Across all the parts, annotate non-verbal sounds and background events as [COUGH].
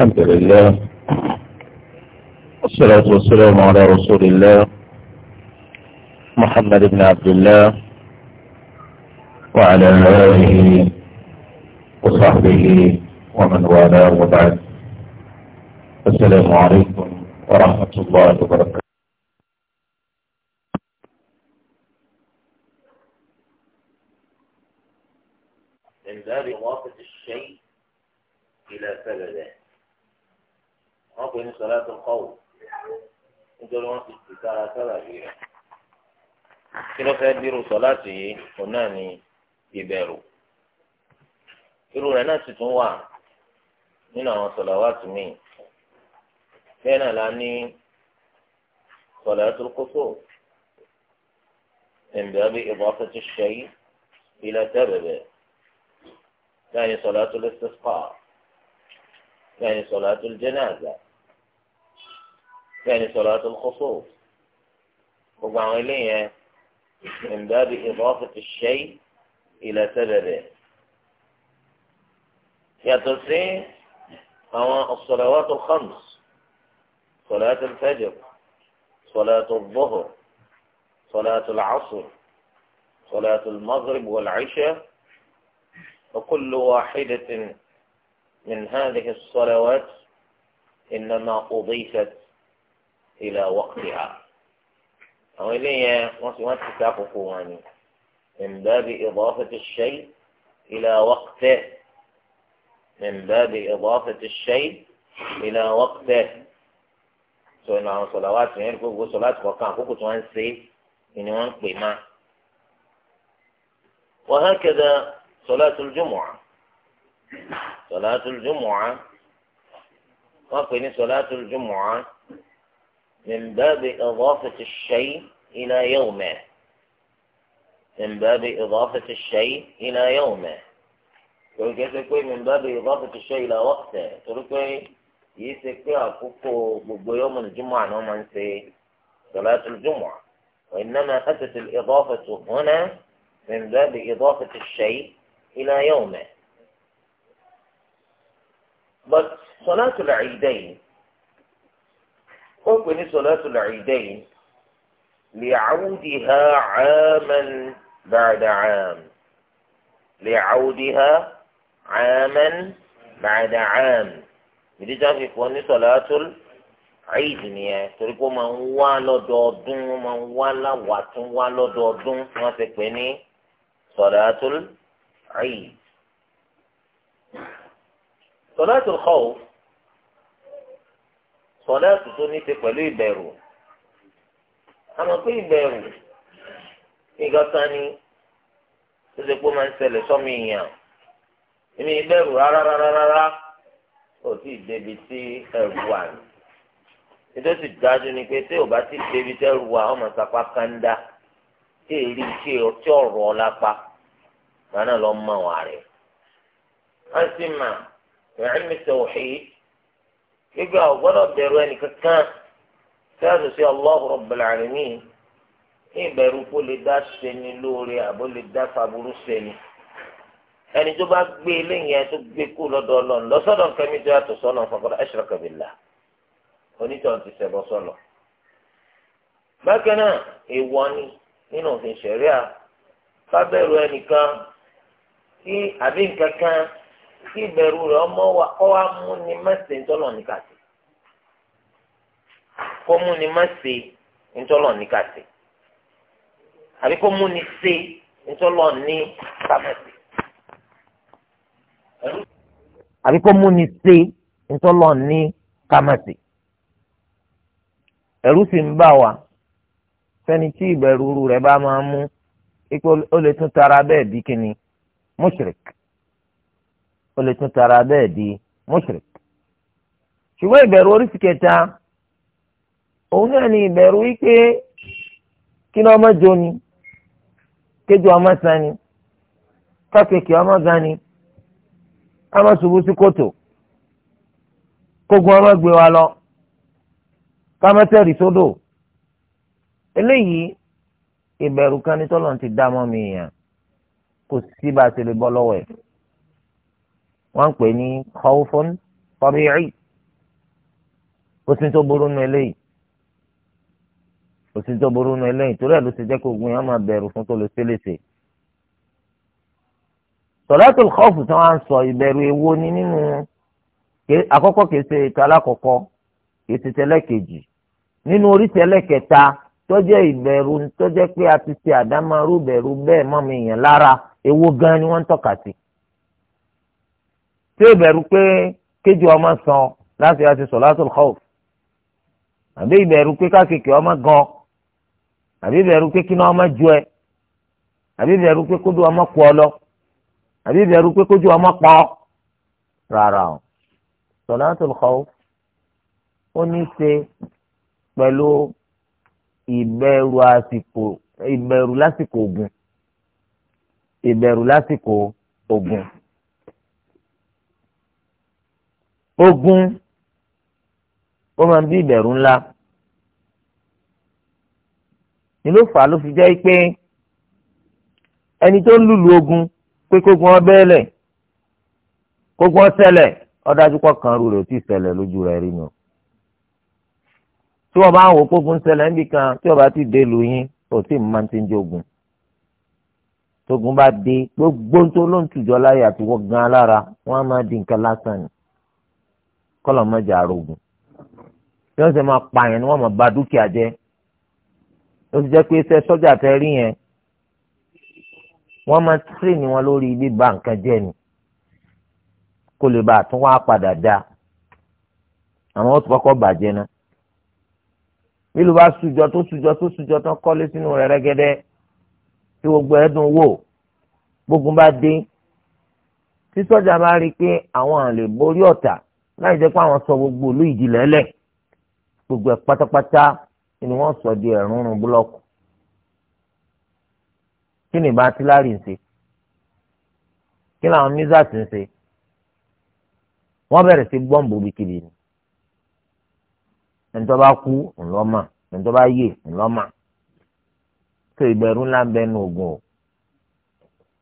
الحمد لله والصلاة والسلام على رسول الله محمد بن عبد الله وعلى آله وصحبه ومن والاه وبعد السلام عليكم ورحمة الله وبركاته من باب إضافة الشيء إلى سببه wọn pè ní sọlá tó kọ wò nítorí wọn ti ti sára sára yìí rẹ kí ló fẹ́ dírú sọlá tì yìí òun náà ní ìbẹ̀rù irú rẹ̀ náà sì tún wà nínú àwọn sọlá wà tún mí bẹ́ẹ̀ náà la ní sọlá tó kóso ẹ̀ǹbẹ̀ bí ìbọ̀fẹ́ ti ṣe yìí ilẹ̀ tẹ́ bẹ̀bẹ̀ bẹ́ẹ̀ ni sọlá tó lè ṣe fà bẹ́ẹ̀ ni sọlá tó lè jẹ́ náà gbà. يعني صلاة الخصوص وقعوا من باب إضافة الشيء إلى سببه يتصي أو الصلوات الخمس صلاة الفجر صلاة الظهر صلاة العصر صلاة المغرب والعشاء وكل واحدة من هذه الصلوات إنما أضيفت إلى وقتها أو إليه وصوات تتاقف واني من باب إضافة الشيء إلى وقته من باب إضافة الشيء إلى وقته سو إن عن صلوات يعني كوكو صلاة وكان كوكو توانسي إن وانقي ما وهكذا صلاة الجمعة صلاة الجمعة وقني صلاة الجمعة من باب إضافة الشيء إلى يومه من باب إضافة الشيء إلى يومه torí كيف pé mi bá bẹ ìbá fòtò ṣe ìlà wọ́pẹ̀ torí pé yìí ṣe صلاة الجمعة وإنما أتت الإضافة هنا من باب إضافة الشيء إلى يومه. بس صلاة العيدين ó pè ní salatul idayn li'awdiha 'aman ba'da 'am li'awdiha 'aman ba'da 'am ìdíjà fi pọ̀ ní salatul eid nìyẹn torí pé ó máa ń wá lọ́dọọdún ó máa ń wá láwàtún wá lọ́dọọdún wọ́n ti pè ní salatul eid salatul khawf. sọ̀láàtù tó ní ṣe pẹ̀lú ìbẹ̀rù àmọ́ pé ìbẹ̀rù ni tó ṣe pé máa ń ṣẹlẹ̀ sọ́mi ìyàn èmi ìbẹ̀rù rárá ò tí ì débi tí ẹ̀rù wà ní nítorí sì dájú ni pé tí ò bá ti débi tí ẹ̀rù wà ọmọ sapá kanda tí èrí gbígbé àwọn gbọ́dọ̀ bẹ̀rù ẹnìkankan tí a sọ sí Allahu Rabbul Alamin ní ìbẹ̀rù kó lè dá sẹni lóore àbó lè dá faburú sẹni ẹni tó bá gbé eléyìí ẹ tó gbé kú lọ́dọ̀ Ọlọ́run lọ́sọ̀dọ̀ kẹ́mi tó yàtọ̀ sọ́nà faqad ashraka billah onítọ̀ ti ṣẹbọ sọ́nà. bákan náà ni nínú òfin ṣẹ̀ríà bá bẹ̀rù ẹnìkan kí àbí nǹkan kí ìbẹ̀rù rẹ̀ ọmọ wa mú ni má ńtọ́lọ̀ ní kó mú ni má ńtọ́lọ̀ àbí kó mú ni se ńtọ́lọ̀ ní kàmẹ́sì. àbí kó mú ni ńtọ́lọ̀ ní kàmẹ́sì. sì ń bà wá fẹ́ni tí ìbẹ̀rù rẹ̀ ó lè tún tara bẹ́ẹ̀ di mushrik ṣùgbọ́n ìbẹ̀rù oríṣi kẹta òun náà ni ìbẹ̀rù wípé kí ni ọmọ jo ni kéjọ ọmọ san ni kákèké ọmọ gan ni ọmọ ṣubú sí kòtò kógun ọmọ gbé wa lọ kámẹ́tẹ̀rì sódò eléyìí ìbẹ̀rù kan ní tọ́lọ̀ ti dá mọ́ mi yàn kò sí bá a ṣe lè bọ́ lọ́wọ́ ẹ̀ wọ́n ń pè ní khawfun tabi'i kò sí tó burú nu eléyìí kò sí tó burú nu eléyìí torí ẹ̀ ló ṣe jẹ́ kó gun yẹn máa bẹ̀rù fún tó lè ṣe léṣe. sọ̀látò khawfu tí wọ́n á sọ ìbẹ̀rù èwo ni nínú àkọ́kọ́ kìí ṣe ètò alákọ̀ọ́kọ́ kìí ṣe tẹ́lẹ̀kejì nínú oríṣi ẹlẹ́kẹta tó jẹ́ ìbẹ̀rù tó jẹ́ pé a ti ṣe àdámọ́rú bẹ̀rù bẹ́ẹ̀ mọ́ mi lára èwo gan ni wọ́n ń tọ́ka sí tí ìbẹ̀rù pé kéjì ọmọ sàn láti àti solatul khawf àbí ìbẹ̀rù pé kákèké ọmọ gan àbí ìbẹ̀rù pé kíná ọmọ ju ẹ àbí ìbẹ̀rù pé kójú ọmọ kú ọ lọ àbí ìbẹ̀rù pé kójú ọmọ pọ̀ rárá o solatul khawf ó ní ṣe pẹ̀lú ìbẹ̀rù àsìkò ìbẹ̀rù lásìkò ogun ìbẹ̀rù lásìkò ogun. ogun ó máa ń bí ìbẹ̀rù ńlá ni ló fà á ló fi jẹ́ pé ẹni tó ń lùlù ogun pé kógun ọbẹ̀ẹ́lẹ̀ kógun ọ̀sẹ̀lẹ̀ ọ̀dájú pọ̀ kan rú rẹ̀ ó ti ṣẹlẹ̀ lójú rẹ̀ rí nù tí wọ́n bá ń wò kógun ṣẹlẹ̀ níbi kan tí wọ́n bá ti dé lu yín ó sì máa ti ń jogun tógun bá dé gbogbo tó ló ń tùjọ láyà tí wọ́n gan alára wọ́n á máa di nǹkan lásán ni kọ́lọ̀ mọ́jà arógun bí wọ́n ṣe máa pa yẹn ni wọ́n máa ba dúkìá jẹ́ ó ti jẹ́ pé iṣẹ́ sọ́jà tẹ́ rí yẹn wọ́n máa tírì ní wọn lórí bíba nǹkan jẹ́ ni kó lè bá àtún wá padà dá àwọn ó ti kọ́kọ́ bàjẹ́ náà bílù bá sùjọ tó sùjọ tó sùjọ tán kọ́lé sínú rẹ̀ rẹ́gẹ́dẹ́ tí gbogbo ẹ̀dùn wò gbógun bá dé tí sọ́jà bá rí i pé àwọn àlè borí ọ̀tá láì jẹ́ pé àwọn sọ gbogbo olú ìdílé lẹ̀ gbogbo ẹ̀ pátápátá ni wọ́n sọ di ẹ̀rúnrún búlọ́ọ̀kù kí ni ìbá tíláàrí ń ṣe kí làwọn mísàtì ń ṣe wọ́n bẹ̀rẹ̀ sí bọ́ǹbù bíkìlì ni ẹni tó bá kú ńlọ́mà ẹni tó bá yè ńlọ́mà tó ìgbẹ̀rún ńlá ń bẹnu o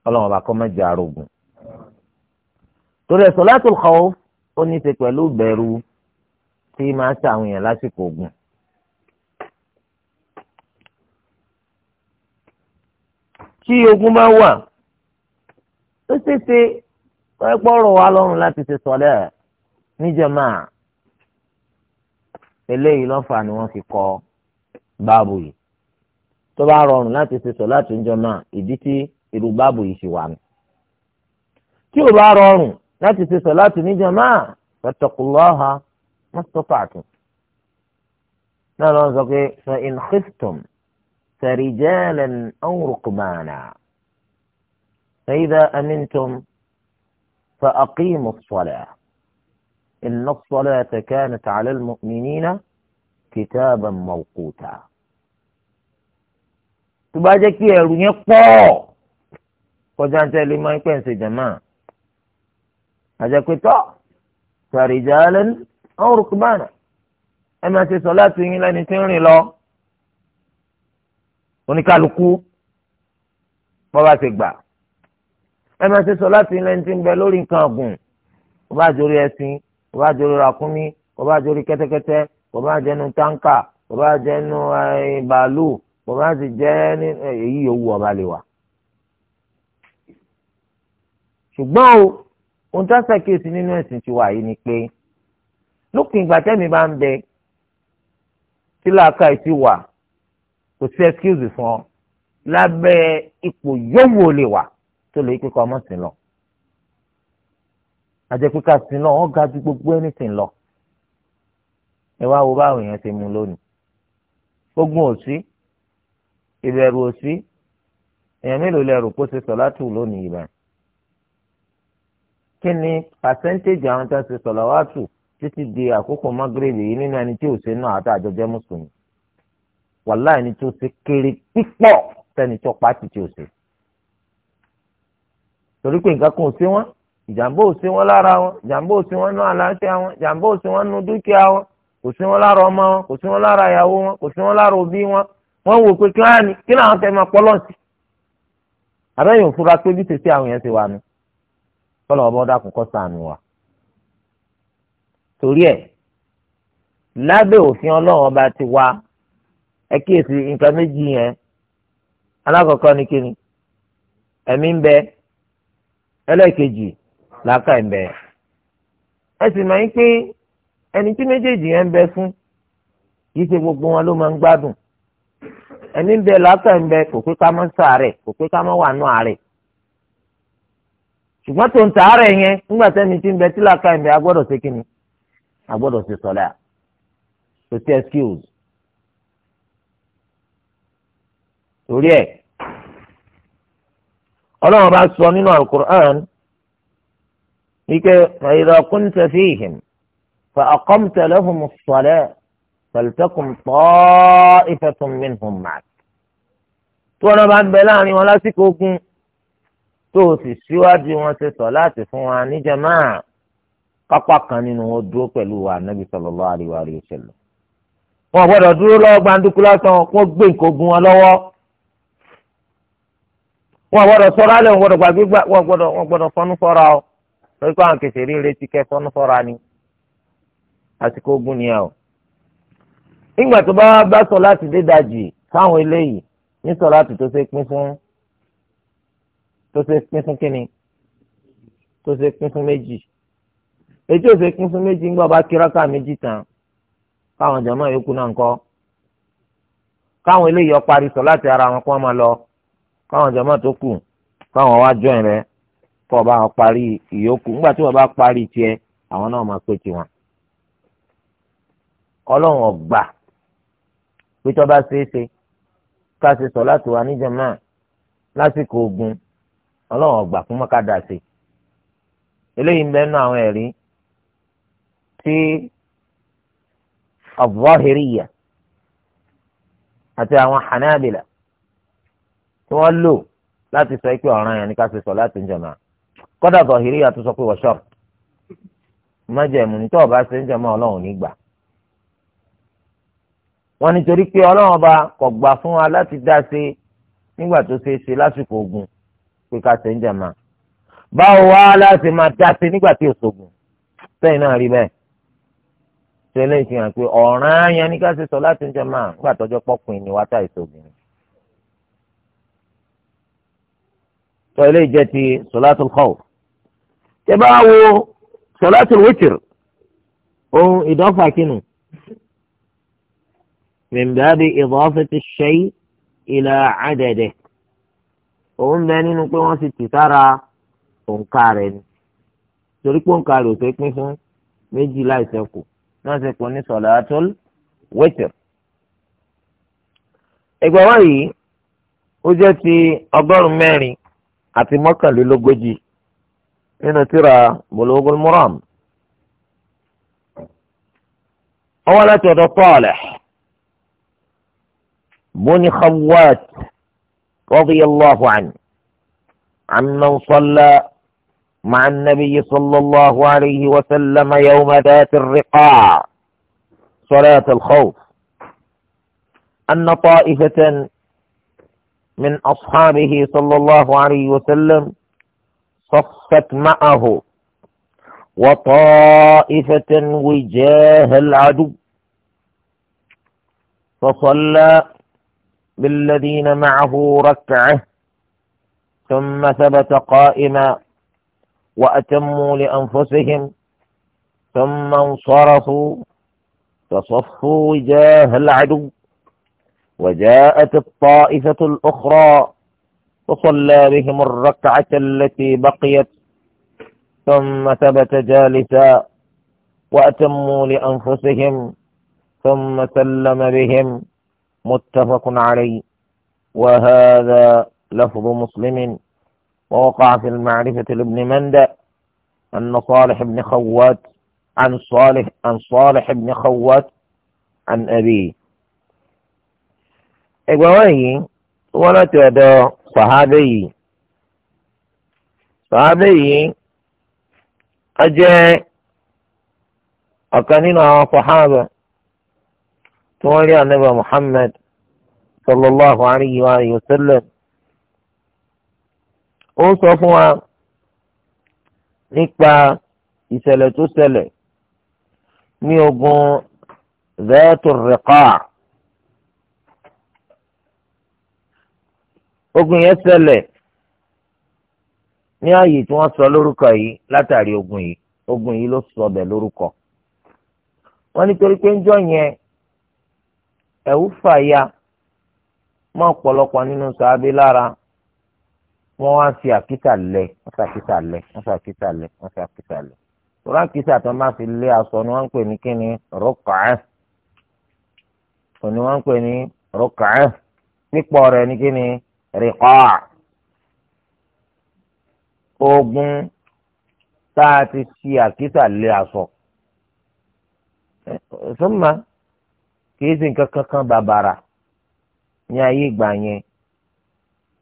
ọlọ́run ọba kọ́ mẹ́jọ arógun torí ẹ̀ sọ́látùl khawf ó ní í ṣe pẹ̀lú bẹ̀rù tí máa ṣàwọn èèyàn lásìkò ogun. tí ogun bá wà ó ṣeéṣe pẹ́pọ́ rọ̀ wá lọ́rùn láti ṣe sọ́lẹ̀ níjàmá eléyìí lọ́fà ni wọ́n fi kọ́ báàbù yìí tó bá rọrùn láti ṣe sọ láti ń jọmọ ìdí tí irú báàbù yìí ṣe wà nù tí ò bá rọrùn نأتي في صلاة جماعة فاتقوا الله ما استطعتم فإن خفتم فرجالا أو رقبانا فإذا أمنتم فأقيموا الصلاة إن الصلاة كانت على المؤمنين كتابا موقوتا تباجك يا رنيقو وجانت ما يكون سجمان àjẹpẹ́tọ́ tàrìjàlẹ́ àwọn rukbana ẹ máa ṣe sọ láti yín lẹ́ni tí ń rìn lọ oníkálukú bọ́ba ti gbà ẹ máa ṣe sọ láti yín lẹ́ni tí ń bẹ lórí nǹkan ọ̀gùn kò bá jórí ẹṣin kò bá jórí ràkúnmí kò bá jórí kẹ́tẹ́kẹ́tẹ́ kò bá jẹnu táǹkà kò bá jẹnu eh, bàálù kò bá sì jẹ eh, èyí yòówù ọba lè wà. ṣùgbọ́n o ohun tó ṣàkíyèsí nínú ẹ̀sìn tiwa yìí ni pé lópin ìgbà tẹ́mi bá ń bẹ tí làákàyè ti wà kò sí excuse fún ọ lábẹ́ ipò yòówù ó lè wà tó lè kíkọ́ ọmọ sí lọ. àjẹpíkà sí lọ ọ ga ju gbogbo ẹni sí lọ. ẹ wá wo báwo yẹn ti mú lónìí. ogun ò sí ìbẹ̀rù ò sí èèyàn mélòó lẹ rò pé ó ṣe sọ láti wù lónìí ìbẹ̀rù kí ni pàṣẹ́ntéèjì àwọn tó ń ṣe sọ̀làwátù títí di àkókò mọ́gírèbì yìí nínú ẹni tí ò ṣe náà àti àjọjẹ́ mùsùlùmí wàhálà ẹni tó ṣe kéré pípọ̀ sẹ́ni tó pàtì tí ò ṣe. torí pé nǹkan kan ò ṣe wọ́n ìjàmbá ò ṣe wọ́n lára wọn ìjàmbá ò ṣe wọ́n nú àlàáfíà wọn ìjàmbá ò ṣe wọ́n nú dúkìá wọn kò sí wọn lára ọmọ wọn kò sí wọn lára ìyàwó wọn kò sí wọn lára òbí wọn wọn wò pé kí wọn á ní kí làwọn fẹẹ máa pọlọ sí. àbẹ́yìn òfurufú bí tètè àwọn yẹn ti wà nù kọ́lọ̀ ọba ọdá kò kọ́ sànù wa. torí ẹ̀ lábẹ́ òfin ọlọ́run ọba ti wá ẹ kíyèsí nǹkan méjì yẹn alákọ̀ọ́kọ́ ni kíni ẹ̀mí ń bẹ ẹlẹ́ẹ̀kejì làákà ń bẹ ẹ sì máa ń pé ẹni tí méjèèjì yẹn ń bẹ fún kì í ṣe gbogbo wọn ló máa ń gbádùn ẹ̀mí ń bẹ làákà ń bẹ kò pé ká má ṣàárẹ̀ kò pé ká má wà nù àárẹ̀ ṣùgbọ́n tó ń tàárẹ̀ yẹn nígbà tẹ́ni tí ń bẹ tí làákà ń bẹ agbọ́dọ̀ ṣe kí ni agbọ́dọ̀ ṣe sọ̀lá kò sí excuse. torí ẹ̀ ọlọ́run bá sọ nínú alukur'an wípé ìdá kúntà fíhìm fa aqamta lahum as-salata faltakum ta'ifatun minhum ma'ak. tí wọn bá ń bẹ láàrin wọn lásìkò ogun tó o sì síwájú wọn ṣe sọ láti fún wa níjàmá kápá kan nínú wọn dúró pẹ̀lú wa ànábì sallallahu alaihi wasallam wọn gbọ́dọ̀ dúró lọ́wọ́ gbàǹdùkú lásán wọn gbé nǹkan ogun wọn lọ́wọ́ wọn gbọ́dọ̀ sọ̀rọ̀ alẹ́ wọn gbọ́dọ̀ gbàgbé wọn gbọ́dọ̀ wọn gbọ́dọ̀ fọnú fọra o lórí pé àwọn kẹsì rí retí kẹ fọnú fọra ni àsìkò ogun ni ẹ o ìgbà tó bá bá sọ láti dé dajì fáwọn eléyìí ní sọ láti tó ṣe pín fún tó ṣe pín fún kínní tó ṣe pín fún méjì èyí tó ṣe pín fún méjì ńgbà bá kíráka méjì tán káwọn jàmá yòókù náà ń kọ́ káwọn eléyìí ó parí sọ láti ara wọn kó wọn máa lọ káwọn jàmá tó kù káwọn wá jọ rẹ kó bá wọn parí ìyókù ńgbà tí wọn bá parí tiẹ̀ àwọn náà máa pé tiwọn ọlọ́run ọgbà pé tó bá ṣeé ṣe ká ṣe sọ láti wà ní jàmá lásìkò ogun ọlọ́run ọgbà fún mọ́kàdá sí eléyìí ń bẹ́ẹ̀ nú àwọn ẹ̀rí tí al-Zahiriyya àti àwọn Hanabila tí wọ́n lò láti sọ pé ọ̀ràn yẹn ni ká ṣe sọ láti ń jàmá kọ́dà Zahiriyya tó sọ pé wọ́n ṣọ́ọ̀tù májẹ̀mú ní tó bá ṣe ń jàmá ọlọ́run nígbà wọ́n nítorí pé ọlọ́run ọba kò gbà fún wa láti dá ṣe nígbà tó ṣe é ṣe lásìkò ogun pé ká ṣe ń jàmá báwo wá láti máa dá sí nígbà tí òṣogùn sẹ́yìn náà rí bẹ́ẹ̀ tẹ́lẹ̀ fi hàn pé ọ̀ràn ayan ní ká ṣe sọ láti ń jàmá nígbà tọ́jọ́ pọ́kùn ni wá tá ìṣògùn tọ́ ilé ìjẹ́ ti sọ̀látùl khawf tẹ bá wo sọ̀látùl witr ohun ìdọ́fà kínú min babi idafati shay ila adadihi òun bẹ nínú pé wọ́n ti tì sára òǹkà rẹ̀ ni torí pé òǹkà rẹ̀ ò fẹ́ pín fún méjì láìsẹ̀kù náà ṣe pọ̀ ní sọ̀làtọ́l wẹ́tẹ̀r. ẹgbẹ́ wa yìí ó jẹ́ ti ọgọ́rùn-ún mẹ́rin àti mọ́kànlélógójì nínú tíra Bulughul Maram. ọwọ́ láti ọ̀dọ̀ Talih bóni Khawwat. رضي الله عنه عمن صلى مع النبي صلى الله عليه وسلم يوم ذات الرقاع صلاة الخوف أن طائفة من أصحابه صلى الله عليه وسلم صفت معه وطائفة وجاه العدو فصلى بالذين معه ركعه ثم ثبت قائما وأتموا لأنفسهم ثم انصرفوا فصفوا وجاه العدو وجاءت الطائفة الأخرى فصلى بهم الركعة التي بقيت ثم ثبت جالسا وأتموا لأنفسهم ثم سلم بهم متفق عليه وهذا لفظ مسلم ووقع في المعرفة لابن مندى أن صالح بن خوات عن صالح عن صالح بن خوات عن أبيه إبويه ولا تدى صحابي صحابي أجاء أكنين صحابة tí wọ́n rí ànábà Muhammad sallallahu alayhi wa sallam ó sọ fún wa nípa ìṣẹ̀lẹ̀ tó ṣẹlẹ̀ ní ogun Zaatu Riqa' ogun yẹn ṣẹlẹ̀ ní ààyè tí wọ́n sọ lórúkọ yìí látàrí ogun yìí ogun yìí ló sọ bẹ̀ lórúkọ wọ́n nítorí pé ń jọ yẹn ẹ̀wù fàya mọ́ ọ̀pọ̀lọpọ̀ nínú sàábé lára wọ́n wá fi àkítà lẹ̀ wọ́n fi àkítà lẹ̀ wọ́n fi àkítà lẹ̀ wọ́n fi àkítà lẹ̀ tòrá àkítà tó máa fi lé aṣọ ni wọ́n ń pè ní kíni rọ́kàá òní wọ́n ń pè ní rọ́kàá pípọ̀ rẹ̀ ní kíni rìkọ́à ogun tá a ti fi àkítà lé aṣọ kìí sì nǹkan kankan bàbàrà ní ayé ìgbà yẹn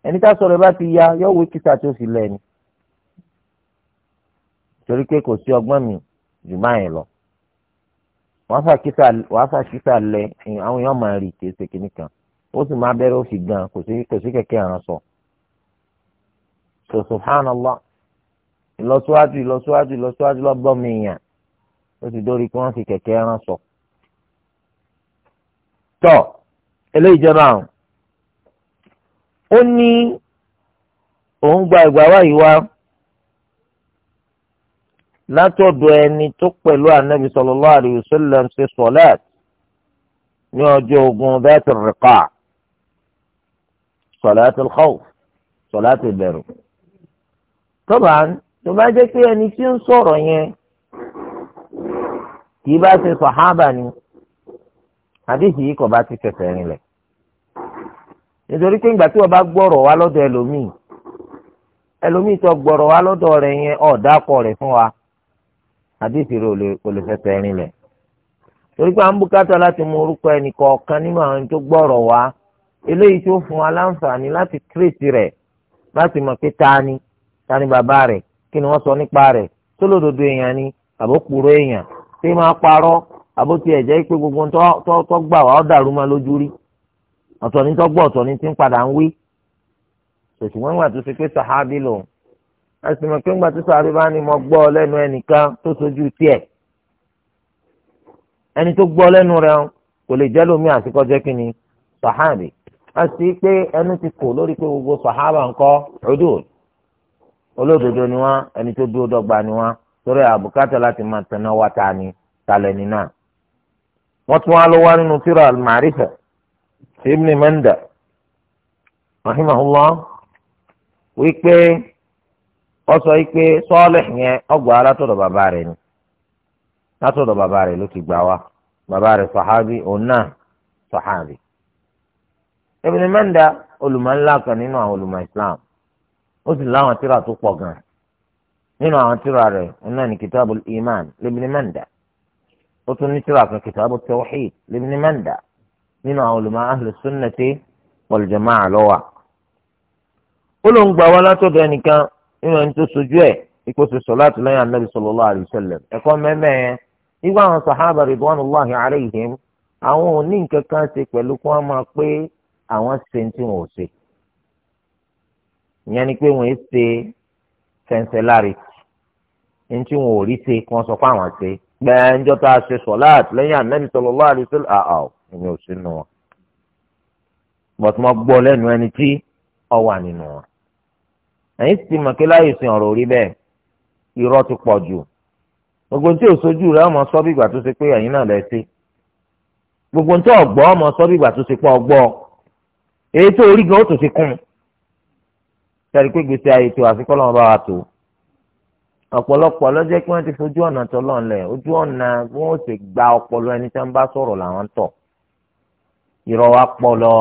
ẹni tá sọ̀rọ̀ bá ti ya yọ wo kíta tó sì lẹ́nu torí pé kò sí ọgbọ́n mi jù báyìí lọ wàá fà kíta lẹ àwọn èèyàn máa rí kìí ṣe kìíní kan ó sì máa bẹ̀rẹ̀ òfì gan kò sí kò sí kẹ̀kẹ́ àránṣọ so subhanallah ìlọsíwájú ìlọsíwájú ìlọsíwájú lọ́gbọ́n mi yàn ó ti dórí pé wọ́n fi kẹ̀kẹ́ àránṣọ. So tọ́ eléyìí jẹ́ báwọn. ó ní òun gba ìgbà wáyé wá látọ̀dọ̀ ẹni tó pẹ̀lú ànábì sallallahu alaihi wasallam ṣe sọ̀lẹ́t ní ọjọ́ ogun Dhat al-Riqa sọ̀lẹ́t al bẹ̀rù tọ́ba tó bá jẹ́ pé ẹni tí ń sọ̀rọ̀ yẹn kì í bá ṣe sàhábà ni. àdéhì yìí kò bá ti fẹsẹ̀ rinlẹ̀ nítorí pé ìgbà tí wọ́n bá gbọ́rọ̀ wá lọ́dọ̀ ẹlòmíì ẹlòmíì tó gbọ́rọ̀ wá lọ́dọ̀ rẹ̀ yẹn ọ̀dà fún wa àdéhì rẹ̀ kò lè fẹsẹ̀ rinlẹ̀ torí pé à ń láti mú orúkọ ẹnì kọ̀ọ̀kan nínú àwọn tó gbọ́rọ̀ wá eléyìí tó fún wa láti láti mọ̀ pé bàbá sọ nípa rẹ̀ tó lòdòdó èèyàn ni èèyàn máa parọ́ àbótí ẹ̀jẹ̀ pé gbogbo tó gbà wá ọ́ dàrú máa lójú rí ọ̀tọ̀ ní tó gbọ́ ọ̀tọ̀ ní ti ń padà ń wí ṣùgbọ́n ìgbà tó ṣe pé sàhábì lòun a sì mọ̀ pé ńgbà tó sàhábì bá ní mo gbọ́ ọ lẹ́nu ẹnìkan tó sojú tiẹ̀ ẹni tó gbọ́ lẹ́nu rẹ̀ kò lè jẹ́ lómi àtikọ́jẹ́ kí ni sàhábì a sì pé ẹnu ti kò lórí pé gbogbo sàhábà ńkọ́ ọdún olódodo ni wọn ẹni tó dúró dọ́gba ni wọn torí àbùkátà láti máa tẹná wá ta ni talẹ́ni náà. wọ́n tún wá wá nínú al-Ma'rifa Ibn Manda rahimahullah wípé wọ́n sọ wípé Salih yẹn ọgbà látọ̀dọ̀ bàbá rẹ̀ ni látọ̀dọ̀ bàbá rẹ̀ ló ti gbà wá bàbá rẹ̀ Ibn Manda kan Islam ó sì láwọn tírà tó pọ̀ gan nínú àwọn tírà rẹ̀ òun náà ní Kitabul Iman Manda. ó tún ní tíra kan kitabu tawhid libn manda nínú àwọn olùmọ̀ ahlu sunnati wal jama'a lọ́wà. ó ló ń gbà wá látọ̀dọ̀ ẹnìkan nínú ẹni tó sojú ẹ̀ ìkóso sọ̀láàtì lẹ́yìn anábì sallallahu alayhi wa sallam ẹ̀kọ́ mẹ́mẹ́ yẹn nígbà àwọn sàhábà ridwanullahi alayhim àwọn ò ní nǹkan kan ṣe pẹ̀lú kí wọ́n máa pé àwọn ṣe tí wọn ò ṣe ìyẹn ni pé wọ́n ṣe fẹ̀ǹsẹ̀ láre tì ní tí wọn ò rí ṣe kí wọ́n sọ pé àwọn ṣe gbẹ́ẹ́njọ́ tá a ṣe sọ̀láàtì lẹ́yìn ànábì sallallahu alaihi wasallam àà ẹni ò sínú wọn bọ̀tí wọ́n gbọ́ lẹ́nu ẹni tí ọ wà nínú wọn. ẹ̀yin sì mọ̀ kí láyé sin ọ̀rọ̀ orí bẹ́ẹ̀ irọ́ ti pọ̀ jù gbogbo tí òṣojú rẹ̀ ọmọ sọ bí ìgbà tó ṣe pé ẹ̀yin náà lẹ́ sí gbogbo tí ọ̀gbọ́ ọmọ sọ bí ìgbà tó ṣe pé ọgbọ́ ọ̀pọ̀lọpọ̀ lọ́jọ́ pé wọ́n ti fojú ọ̀nà tọ́lọ́ ńlẹ̀ ojú ọ̀nà bí wọ́n sì gba ọpọlọ ẹni tí wọ́n bá sọ̀rọ̀ làwọn ń tọ̀ irọ́ wa pọ̀ lọ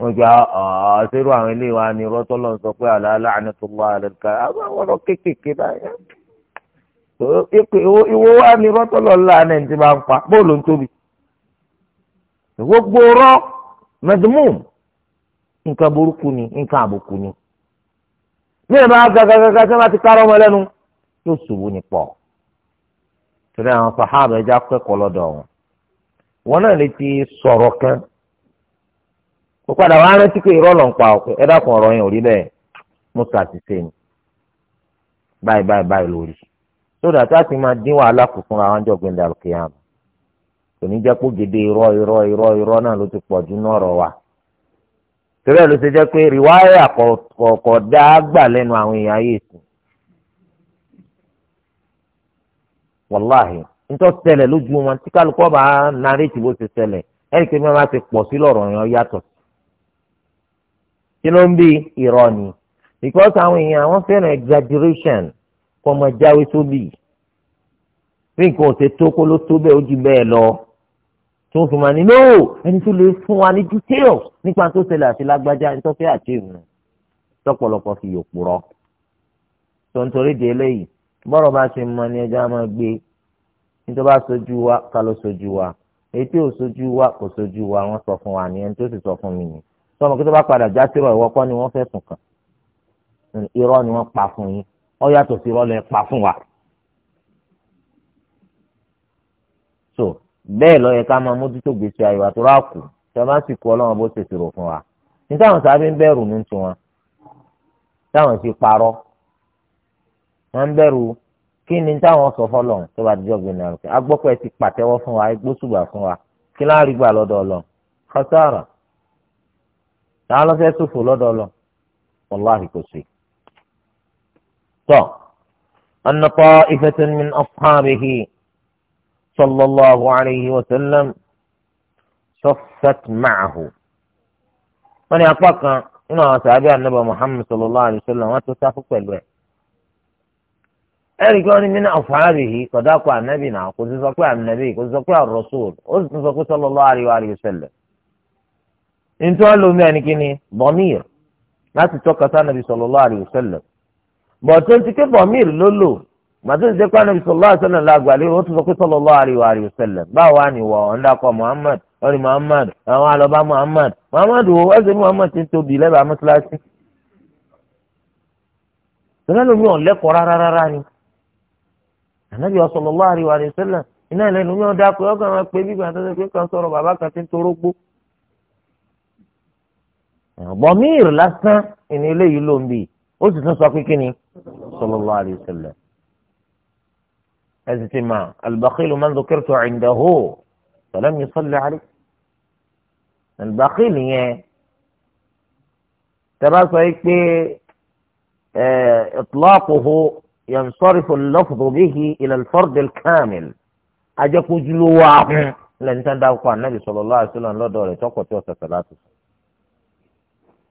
wọ́n gba ọ̀ọ́sẹ́rù àwọn ilé wa ni irọ́ tọ́lọ́ ń sọ pé àlàálà ànátọ́lọ́ àlẹ́ká àwọn ọ̀rọ̀ kéékèèké báyìí ìwọ wa ni irọ́ tọ́lọ́ ńlá náà ti máa pa bóòlù ń tóbi gbogbo rọ yóò ṣubú ni pọ̀ torí àwọn sàhábà ẹja kẹ́kọ̀ọ́ lọ́dọ̀ wọn wọn náà lè ti sọ̀rọ̀ kan kó padà wá rántí pé irọ́ ló pa ọ̀pẹ ẹ dákun ọ̀rọ̀ yẹn ò rí bẹ́ẹ̀ mo ṣàtìṣe ni báyìí báyìí báyìí lórí sódà tá a ti máa dín wàhálà kù fúnra wọn jọ gbẹndẹ àlùkè hàn kò ní jẹ́ kó gèdè irọ́ irọ́ irọ́ irọ́ náà ló ti pọ̀ jù náà rọ̀ wa torí ẹ̀ ló ṣe jẹ́ pé rìwáyà kọ̀ọ̀kọ̀ dá gbà lẹ́nu àwọn èèyàn ayé ìsìn wàláhì nítorí ṣẹlẹ̀ lójú wọn tí kálukọ́ bá nàrètì bó ṣe ṣẹlẹ̀ ẹ̀rí pé máa ti pọ̀ sí lọ́rọ̀ yẹn yàtọ̀ kí ló ń bí irọ́ ni because àwọn èèyàn àwọn fẹ́ràn exaggeration kọ́ ọmọ jáwé sóbì bí nǹkan ò ṣe tó kó ló tó bẹ́ẹ̀ ó ju bẹ́ẹ̀ lọ tó fi máa ní lóò ẹni tó lè fún wa ní details nípa tó ṣẹlẹ̀ àti lágbájá ẹni àti ìrùn tọ́pọ̀lọpọ̀ fi yòókù tó ń torí de eléyìí bọ́rọ̀ bá ṣe mọ ni ẹja máa gbé nítorí bá sojú wa ká ló sojú wa èyí tí ò sojú wa kò sojú wa wọ́n sọ fún wa ni ẹni tó sì sọ fún mi ni sọmọ kí tó bá padà já sí ìwọ kọ́ ni wọ́n fẹ́ sùn kàn irọ́ ni wọ́n pa fún yín ọ yàtọ̀ sí irọ́ lẹ pa fún wa. so bẹ́ẹ̀ lọ yẹ ká máa mójútó gbèsè àyèwà tó rà kù tẹ bá sì kú ọlọ́run bó ṣèṣirò fún wa ní táwọn sábẹ́ ń bẹ̀rù ní tiwọn táwọn sì parọ́ wọ́n ń bẹ̀rù kí ni táwọn sọ fọlọ́n tó bá dijọ́ gbé náà rẹ̀ agbọ́pẹ́ ti pàtẹ́wọ́ fún wa gbósùgbà fún wa kí láà rí gbà lọ́dọ̀ ọlọ́ kọ́sára táwọn lọ́fẹ́ ṣòfò lọ́dọ̀ ọlọ́ wàláhì kò sí. tọ́ anna ta'ifatan min ashabihi sallallahu alayhi wa sallam saffat ma'ahu. wọ́n ní apá kan nínú àwọn sàbẹ̀ ànábà muhammad sallallahu alayhi wa sallam wọ́n tó sáfù pẹ̀lú ẹ̀ ẹ̀rí kí wọ́n ní mínà ọ̀fàárì yìí kọ̀dákọ̀ ànábì náà kò sí sọ pé ànábì kò sí sọ pé àròsùl ó sì tún sọ pé sallallahu alaihi wa alihi wasallam. nítorí wọn lomi ẹni kíni bọ́mìr láti tọ́ka sí ànábì sallallahu alaihi wasallam. bọ̀tọ́ ti ké bọ́mìr ló lò màtó ti dé pé ànábì sallallahu alaihi wasallam lágbàlẹ́ ó tún sọ pé sallallahu alaihi wa alihi wasallam. báwa ni wọ ọ̀ndàkọ̀ Muhammad ọ̀rì Muhammad àwọn alọ́ba ànábì sallallahu àríwá rẹ̀ sẹ́lẹ̀ iná ìlẹ́nu mi ò dáa pé ọkàn máa pé bíbá tó ṣe pé kan sọ̀rọ̀ bàbá kan ti ń toró gbó. torógbó. bọ̀míìr lásán ìní eléyìí ló ń bì ó sì tún sọ pé ki ni sallallahu alaihi ariwa sele ẹ sì ti mo mà al-bakhilu man dhukirtu indahu falam yusalli alayhi. àrí. bakhil yẹn tẹ bá sọ yìí pé ẹ̀ itlaquhu. yansọ́rìfù lọ́fùdù bíhi ilẹ̀ fọ́rdì kàmìl ajẹ́kójúló wà hún lẹ́ni tí wọ́n dá kó ànábì sallallahu alaihi wasallam lọ́dọ̀ rẹ̀ tọkọ̀ tí ó sẹ̀sẹ̀ láti sọ.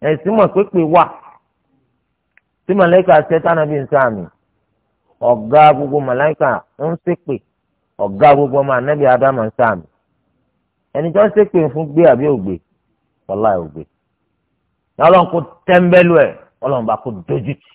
ẹ̀sìn mọ̀ pépè wà tí màláìka ṣẹ́tà ànábì ń sáàmì ọ̀gá gbogbo màláìka ń ṣépè ọ̀gá gbogbo ọmọ ànábì ádámà ń sáàmì ẹni tí wọ́n ṣépè fún gbé àbí ògbé wàláì ògbé ọlọ́run kò tẹ́ńbẹ́lú ẹ̀ ọlọ́run bá kò dójútì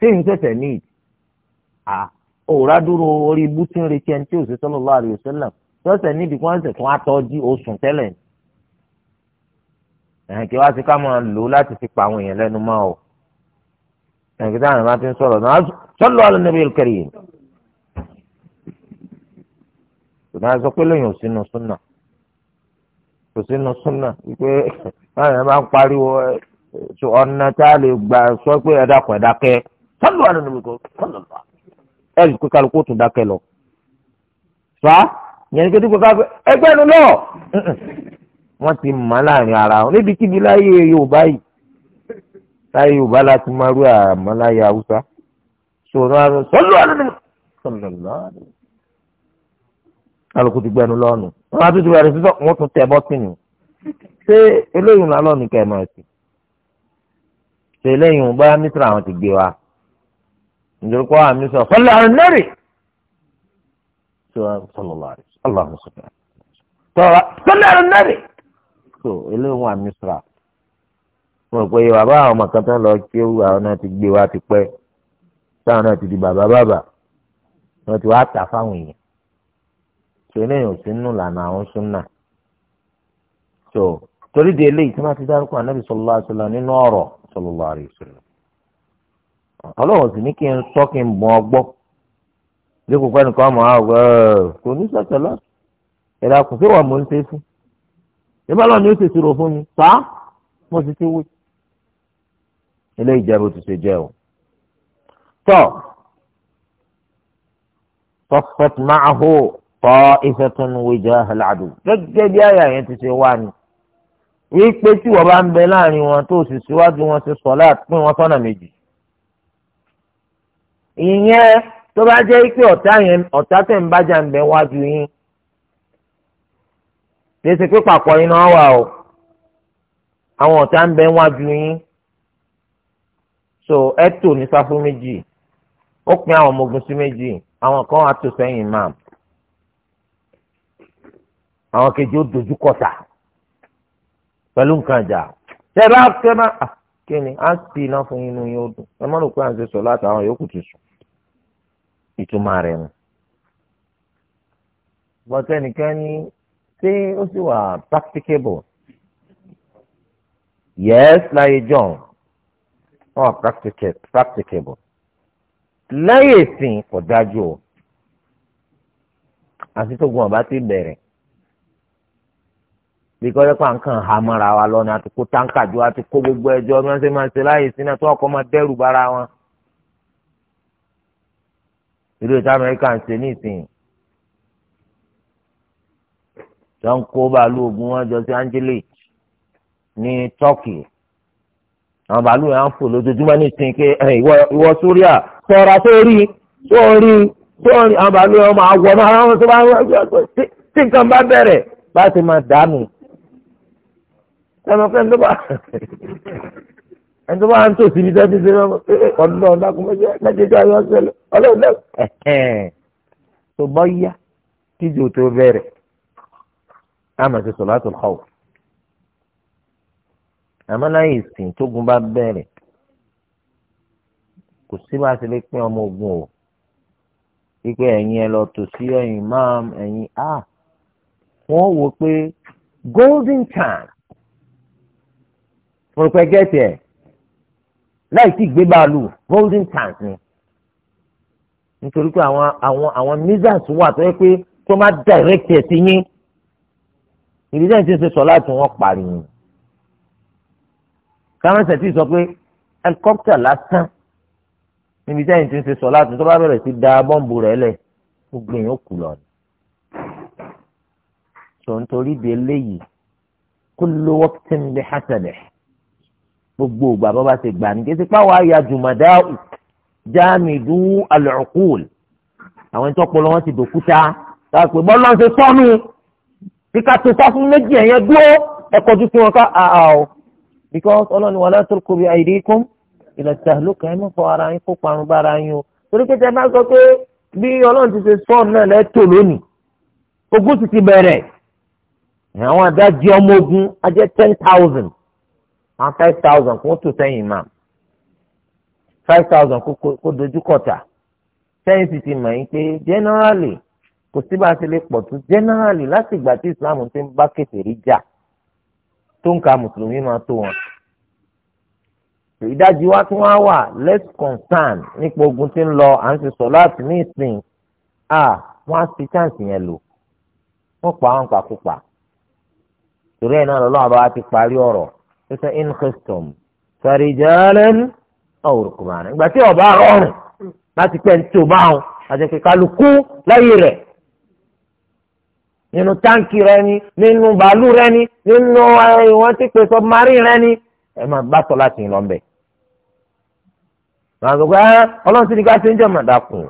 téèyàn ṣẹ̀ṣẹ̀ ní ìdí à òòrá dúró orí ibú tí ń retí ẹni tí òṣè sallallahu alaihi wasallam ṣẹ̀ṣẹ̀ ní ìdí kí wọ́n ṣẹ̀ tún àtọ́jú oṣù tẹ́lẹ̀ ni ẹ̀hìn kí wá sí ká máa lò láti fi pa àwọn èèyàn lẹ́nu mọ́ ọ ẹ̀hìn kí táwọn máa ti ń sọ̀rọ̀ náà sallu ala nabiyil ṣùgbọ́n a sọ pé lóyún òsínú súnà òsínú súnà wípé [LAUGHS] báyọ̀ máa ń pariwo ọ̀nà tá a lè gbà sọ pé ẹ̀dá kan ẹ̀dá kẹ́ẹ́ sọ́lù wà lónìí kò sọ́lù wà. ẹ rí pé kálukú tún dákẹ́ lọ. fa yẹn kí dípò káfẹ́ ẹgbẹ́ nu lọ. wọ́n ti mọ̀ láàrin ara wọn níbi kíbi láyé yorùbá yìí láyé yorùbá láti máa rú àmọ́ láyé haúsá. sọ̀rọ̀ àrùn sọ́lù wà lónìí sọ́lù wà lónìí. kálukú ti gbẹnu lọ́nu wọn á tún ti bẹ̀rẹ̀ sísọ wọn tún tẹ bọ́tìnì ṣé eléyìí ńlá lọ́ọ̀nì kẹ́ẹ̀ máa eléyìí bá mísírà àwọn ti gbé wa nítorí pé àmì sọ fọlá ọ̀nẹ́rì sọlọ́lá aláhùn sọ̀rọ̀ tọ́ra fọlá ọ̀nẹ́rì so eléyìí wọn àmì sọ̀rọ̀ mo rò pé bàbá àwọn ọmọ kan tó ń lọ kéwù àwọn náà ti gbé wa ti pẹ́ táwọn náà ti di bàbá bàbá wọn ti wá tà fáwọn èèyàn so eléyìí ò sí nù lànà àwọn súnà so torí di eléyìí tí wọn ti dárúkọ ànábì sọlọ́lá àṣọlá nínú ọ̀rọ̀ sọlọ́lá àríṣọlá ọlọ́run sì ní kí n sọ kí n bọ̀ ọ gbọ́ lẹ́kọ̀ọ́ pẹ́ nìkan mọ̀ ọ́ ah, kò ní sọ̀tọ̀ lọ ẹ̀rọ kò sí wà mọ̀ ń ṣe fún ìbá lọ ni ó sì ṣòro fún mi pa mo sì ti wí. ilé ìjẹ́bù ti ṣe jẹ́ o. tọ́ tọ́fẹ́t máa hó tọ́ ife tó ń wíjà aláàdù gẹ́gẹ́ bí àyà yẹn ti ṣe wá ni. wípé tí wọ́n bá ń bẹ láàrin wọn tó sì síwájú wọn ti sọ̀ láti wọn sọ́nà méjì ìyẹn tó bá jẹ́ pé ọ̀tá yẹn ọ̀tá tẹ̀ ń bájà ń bẹ wájú yín lèsì pé pàpọ̀ yín náà wà o àwọn ọ̀tá ń bẹ wájú yín so ẹ tò ní sáfù méjì ó pin àwọn ọmọ ogun sí méjì àwọn kan á tò sẹ́yìn máa àwọn kejì ó dojú kọta pẹ̀lú nǹkan ìjà tẹ bá tẹ bá kí ni á sì iná fún yín nu yín ó dùn ẹ má rò pé à ń ṣe sọ láti àwọn yòókù ti sùn ìtumọ̀ rẹ̀ nù. bọ́tẹ́nìkan ní ṣé ó sì wà practicable yes láyé john wọn practicable láyé ìsìn kò dájú o àti tó gun ọba ti bẹ̀rẹ̀ bí kọ́ lẹ́kọ̀ọ́ nǹkan ha mọ́ra wa lọ́nà àti kó táǹkà jù àti kó gbogbo ẹjọ́ bí wọ́n máa ṣe láyé ìsìn náà tó ọkọ̀ máa dẹ́rù bara wọn irú ètò amẹ́ríkà ń ṣe ní ìsìn tó ń kó bàálù ogun wọn jọ sí Angeles ní Turkey àwọn bàálù yẹn á fò lójoojúmọ́ ní pé ìwọ Súríà sọ̀ra sórí sórí sórí àwọn bàálù yẹn máa wọ̀ náà àwọn tó bá tí nǹkan bá bẹ̀rẹ̀ bá ti máa dànù ẹni tó bá ń tòsí ibi tẹ́tí sí eh, eh, ọ̀dọ́ ọ̀dàkùnmọ́jọ́ mẹ́jẹjọ́ ayọ́ sẹ́lẹ̀ ọlọ́ọ̀dọ́ tó bọ́ yá kíjì ò tó bẹ̀rẹ̀ àmọ̀ ti sọ̀láàtò kọ́ọ̀ àmọ́ láyé ìsìn tógun bá bẹ̀rẹ̀ kò sí bá a ti lè pín ọmọ ogun o wípé ẹ̀yin ẹ lọ tòsí ẹ̀yin máa ẹ̀yin a wọ́n wò pé golden chance mo rò pé gẹ́tì láì sí gbé báàlù golden tank ni nítorí pé àwọn àwọn àwọn missiles wà tó yẹ pé tó má direct ẹ̀ sí yín ìdí sẹ́yìn tí ń ṣe sọ láti wọ́n parí yín kámẹ́sẹ̀ tí sọ pé helicopter lásán níbi sẹ́yìn tí ń ṣe sọ láti tó bá bẹ̀rẹ̀ sí da bọ́ǹbù rẹ̀ lẹ̀ gbogbo èèyàn kù lọ. sọ nítorí di eléyìí kullu waqtin bi hasabihi gbogbo ìgbà bá bá ṣe gbà ní kété pàwọ́ àyà jùmọ̀dá jáàmìdú alùkùl àwọn ìtọ́ pọlọ wọn ti dòkúta tá a pè bọ́ ṣe sọ́nù kíkà tó sá fún méjì ẹ̀yẹn dúró ẹ̀kọ́ ju fún wọn ká àà o because ọlọ́ni wàlá tó kó bi àìdíkùn ìlẹ̀tà ló kàn ẹ́ mọ̀ fọ ara yín kó parun bá ara yín o torí kété bá sọ pé bí ọlọ́run ti ṣe sọ́ọ̀nù náà lẹ́tò lónìí ogún ti ti bẹ̀rẹ̀ àwọn adájí ọmọ ogun ajẹ́ ten thousand àwọn five thousand kó tó sẹ́yìn imam five thousand kó dojú kọ̀tà sẹ́yìn sì ti mọ̀ yín pé generally kò sí bá a ṣe lè pọ̀ tó generally láti ìgbà tí islam ti ń bá kèfèrí jà tó ń ka mùsùlùmí máa tó wọn. ìdájí wa tún wá wà less concern nípa ogun tí ń lọ à ń ṣe sọ láti ní ìsìn à wọ́n á fi chance yẹn lò wọ́n pa àwọn pàkópa. torí ẹ̀ náà lọ́lọ́wọ́ bá ti parí ọ̀rọ̀ pípẹ́ in khiftum farijalan aw rukbana ìgbà tí ọba rọrùn láti pẹ́ tí o bá wọn àti pé kálukú láyé rẹ̀ nínú táǹkì rẹ ni nínú bàálù rẹ ni nínú ìwọ̀n tí pè submarine rẹ ni ẹ máa bá sọ láti ń lọ bẹ̀. màá sọ pé ah, ọlọ́run tí ní ká ṣe ń jẹ́ màdàkùn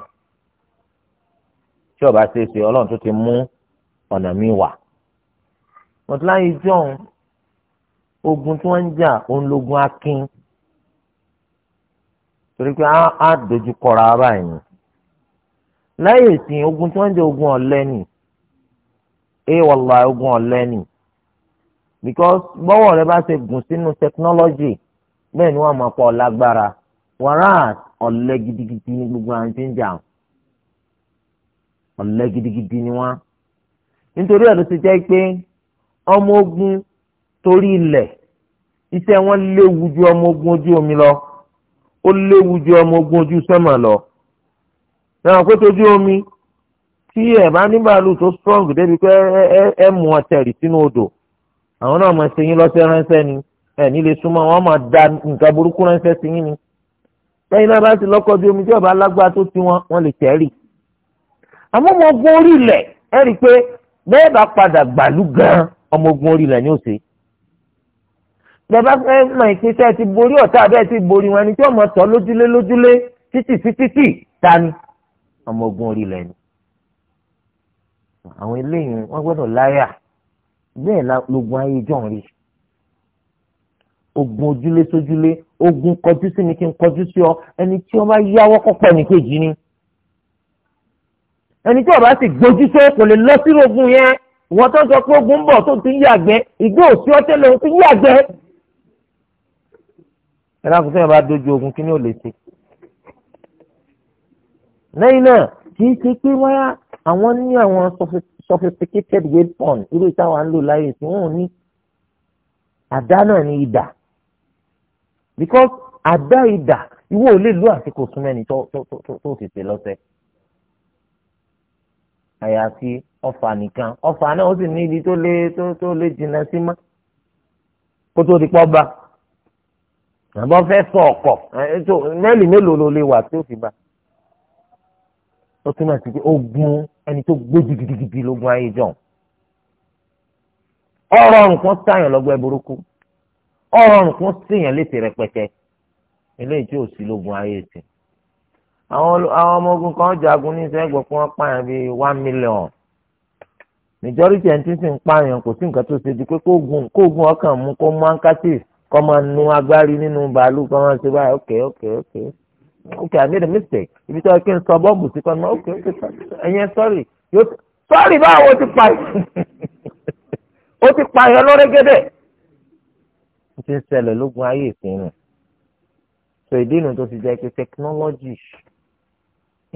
tí ọba ṣe é ṣe ọlọ́run tó ti mú ọ̀nà mi wà. mọ̀tíláyé jọ̀hún ogun tí wọ́n ń jà òun lógun akin torí pé á dojú kọra ara yẹn láyé ìsìn ogun tí wọ́n ń jà ogun ọ̀lẹ ni ẹ wàlá ogun ọ̀lẹ ni because bọ́wọ́ rẹ bá ṣe gùn sínú technology bẹ́ẹ̀ ni wọ́n máa pọ̀ lágbára wàrà ọ̀lẹ gidigidi ní gbogbo àwọn tí ń jà ọ̀lẹ gidigidi ni wọ́n nítorí ẹ̀ ló ti jẹ́ pé ọmọ ogun torí ilẹ̀ iṣẹ́ wọn léwu ju ọmọ ogun ojú omi lọ ó léwu ju ọmọ ogun ojú sẹ́mà lọ. náà pé tójú omi tí ẹ̀ bá ní tó strong débi pé ẹ mú ọ̀tẹ̀rì sínú odò àwọn náà máa ṣe yín lọ́sẹ̀ ránṣẹ́ ni ẹ̀ nílé súnmọ́ wọn máa da nǹkan burúkú ránṣẹ́ sí yín ni. lẹ́yìn náà bá ti lọ́kọ̀ bí omi tí ọba alágbá tó ti wọn wọn lè tẹ́rì. àmọ́ ọmọ ogun orí ilẹ̀ ẹ rí i pé bẹ́ẹ̀ bá padà gbàlú gan ọmọ ogun orí ilẹ̀ ni ó ṣe bàbá fẹ́ mọ̀ ìpínṣẹ́ ti borí ọ̀tá abẹ́ ti borí wọn ẹni tí ọmọ tọ́ lójúlé lójúlé títì títì ta ni ọmọ ogun orí ni. àwọn eléyìí wọ́n gbọ́dọ̀ láyà bẹ́ẹ̀ lógun ayé jọ̀ ń rí ogun ojúlé sójúlé ogun kọjú sí mi kí n kọjú sí ọ ẹni tí wọ́n bá yáwọ́ kọ́pọ̀ ní kejì ni ẹni tí ọba sì gbójú sí kò lè lọ sí ogun yẹn wọ́n tó sọ pé ogun ń tó ti ń yàgbẹ́ òsì ọtẹ́lẹ̀ ń ti ń ẹ dákun sẹ́yìn bá dojú ogun kí ni ò lè ṣe. lẹ́yìn náà kì í ṣe pé wáyà àwọn ní àwọn sophisticated weapon irú ìtawà ń lò láyé tí wọ́n ní àdá náà ní idà because àdá idà ìwọ ò lè lo àsìkò súnmẹ́ni tó tó tó tó tètè lọ́sẹ̀ àyàfi ọfà nìkan ọfà náà ó sì ní ibi tó lè tó tó lè jìnnà sí mọ́ kó tó di pọ́ bá àbọ̀ fẹ́ sọ ọ̀kọ̀ mẹ́lì mélòó ló lè wà tí ó fi bá ó túmọ̀ sí pé ogun ẹni tó gbó gidigidi lógun ayé jọ ọ̀rọ̀ nǹkan sáyàn lọ́gbẹ́ burúkú ọ̀rọ̀ nǹkan síyàn létè rẹpẹtẹ eléyìí tí ò sí lógun ayé ti àwọn ọmọ ogun kan jagun ní sẹ́gbọ̀n kí wọ́n pààyàn bíi one million majority ẹni tí sì ń pààyàn kò sí nǹkan tó ṣe di pé kóògùn ọkàn mú kó mú ankatif kọ́ máa nu agbárí nínú bàálù kọ́ máa ṣe báyìí ok ok ok ok I made a mistake ibi tí wọ́n kí n sọ bọ́ọ̀bù sí kan ok ok ẹ̀yẹn sọ́ọ̀rì yóò sọ́ọ̀rì báwo ti pa ó [LAUGHS] ti pààyàn lọ́rẹ́gẹ́dẹ́ ó ti ń ṣẹlẹ̀ lógun ayé ìpinnu so ìdí inú tó ti jẹ́ pé technology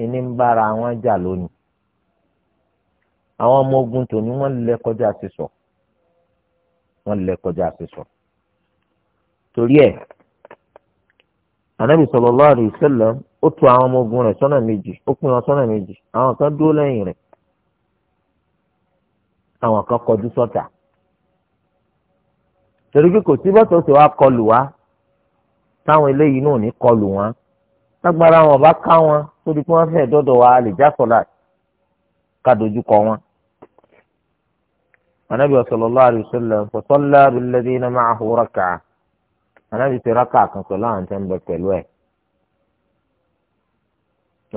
ìní ń bára àwọn jà lónìí àwọn ọmọ ogun tòní wọ́n lè kọjá sísọ wọ́n lè kọjá sísọ. So torí ẹ̀ anabi sallallahu alaihi wasallam ó tu àwọn ọmọ ogun rẹ̀ sọ́nà méjì ó pín wọn sọ́nà méjì àwọn kan dúró lẹ́yìn rẹ̀ àwọn kan kọjú sọ́tà torí pé kò sí bọ́sọ̀ ṣe wá kọlù wá táwọn eléyìí náà ní kọlù wọn lágbára wọn bá ká wọn torí pé wọ́n fẹ́ẹ́ dọ́dọ̀ wa lè já sọlá ká dojú kọ wọn. anabi sallallahu alaihi wasallam fa salla bil ladina ma'ahu rak'a anábì ṣe rákà kan pẹ̀lú àwọn tó ń bẹ pẹ̀lú ẹ̀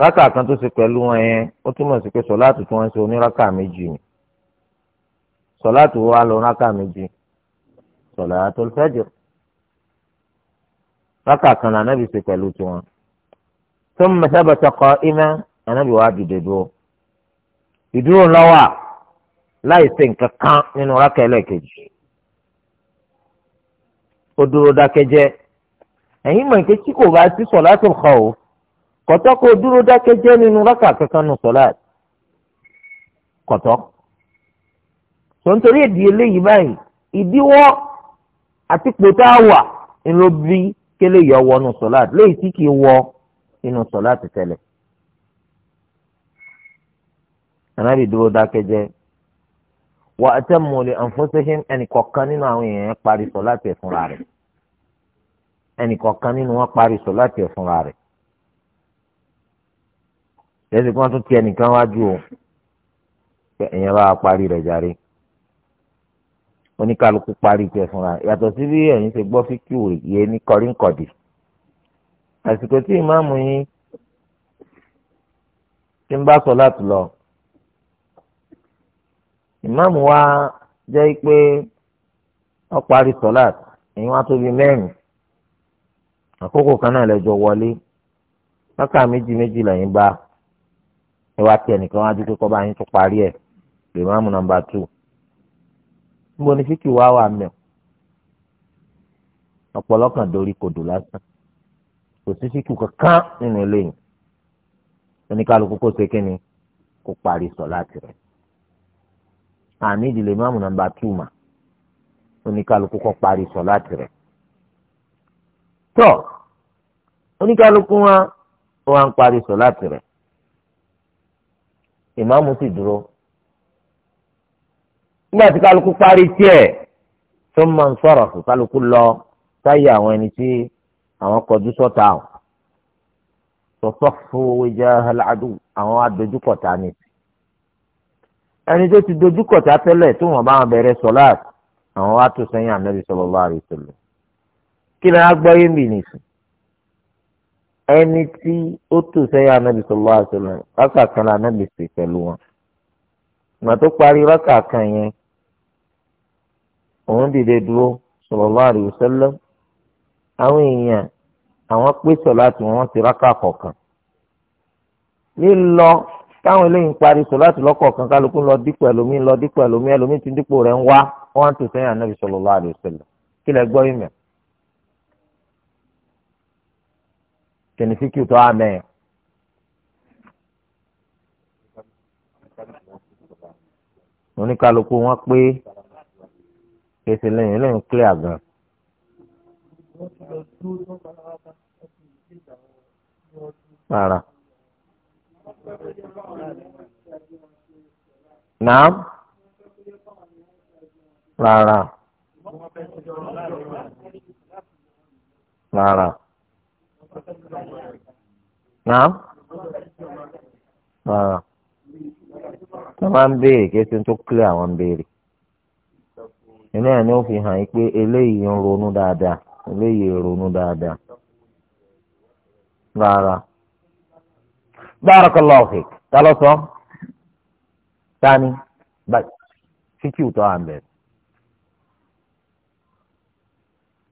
rákà kan tó ṣe pẹ̀lú wọn yẹn ó túmọ̀ sí pé sọ̀láàtù tí wọ́n ń ṣe onírákà méjì ni sọ̀láàtù wa lọ rákà méjì sọ̀láàtù fẹ́jọ rákà kan ní anábì ṣe pẹ̀lú tiwọn tó ń mẹsàbẹ̀tẹ̀ kọ iná anábì wa dìde dúró ìdúró lọ́wọ́ láì ṣe nǹkan kan nínú rákà ẹlẹ́ẹ̀kejì ó dúró dákẹ́jẹ́ ẹ̀yin mọ̀ pé tí kò bá sí sọ̀láàtì kọ̀ ọ́ kọ̀tọ́ kó dúró dákẹ́jẹ́ nínú rákà kankan nù sọ̀láàtì kọ̀tọ́ sọ̀ntorí èdè eléyìí báyìí ìdíwọ́ àti pòtá wà ńlọ bí kélé yọ wọnú sọ̀láàtì léyìí tí kì í wọ inú sọ̀láàtì tẹ́lẹ̀ anábì dúró dákẹ́jẹ́ wà á tẹ́ mọ̀ lè ànfọ́sẹ́hìn ẹnìkọ̀ọ̀kan nínú àwọn èèyàn parí sọ láti ẹ̀ fúnra rẹ̀ ẹnìkọ̀ọ̀kan nínú wọn parí sọ láti ẹ̀ fúnra rẹ̀ yẹ́sì kí wọ́n tún ti ẹnìkan wájú o ẹ̀yẹn bá parí rẹ̀ jàre oníkálukú parí tiẹ̀ fúnra yàtọ̀ sí bí ẹ̀yin ṣe gbọ́ fíkì yé ní kọrínkọ̀dì àsìkò tí ìmáàmù yín ti ń bá sọ láti lọ ìmáàmù wa jẹ́ pé ó parí sọ́láàt èyí wá tóbi mẹ́rin àkókò kan náà lẹ́jọ́ wọlé rákà méjì méjì lẹ́yìn bá ẹ wá tí ẹnìkan wá dúpẹ́ kọ́ bá yín tó parí ẹ̀ lè máàmù nàmbà tù níbo ni fíkì wá wà mẹ́ ọ̀pọ̀lọkàn dorí kodò lásán kò sí fíkì kankan nínú eléyìí oníkálukú kó ṣe kí ni kó parí sọ láti rẹ̀ àní ìdílé ìmáàmù nàmbà tù mà oníkálukú kọ́ parí sọ láti rẹ̀ tọ́ oníkálukú wọn wọn ń parí sọ láti rẹ̀ ìmáàmù sì dúró nígbà tí kálukú parí tiẹ̀ tó máa ń sọ̀rọ̀ fún kálukú lọ táyà àwọn ẹni tí àwọn kọjú sọ́ta ọ̀ sọ́sọ́ fún wíjà àwọn adójúkọ̀tà ni ẹni tó ti dojúkọ tá tẹ́lẹ̀ tó wọn bá wọn bẹ̀rẹ̀ sọláàt àwọn wá tó sẹ́yìn ànábì sallallahu alaihi wasallam kí ni agbọ́yé mi nìsín ẹni tí ó tó sẹ́yìn ànábì sallallahu alaihi wasallam rákà kan la ànábì sì pẹ̀lú wọn ìgbà tó parí rákà kan yẹn òun dìde dúró sallallahu alaihi wasallam àwọn èèyàn àwọn pé sọláàt wọn ti rákà kọ̀ọ̀kan lílọ táwọn eléyìí ń parí sọ láti lọ́kọ̀ọ̀kan kálukú lọ dípò ẹlòmíì lọ dípò ẹlòmíì ẹlòmíì ti dípò rẹ̀ ń wá wọ́n tó sẹ́yìn ànábì sallallahu alaihi wasallam kí lẹ gbọ́ ìmẹ̀. kìnìfìkì tó àmẹ́ oníkálukú wọn pé kèsì lẹ́yìn lẹ́yìn clear gan. rárá nàám rárá rárá nàám rárá tó máa ń béèrè kí ẹsẹ̀ tó kílẹ̀ àwọn ń béèrè inú ẹ̀ ni ó fi hàn yín pé eléyìí ń ronú dáadáa eléyìí ń ronú dáadáa rárá barakallahu fik tani báyìí fíkì tó à ń bẹ.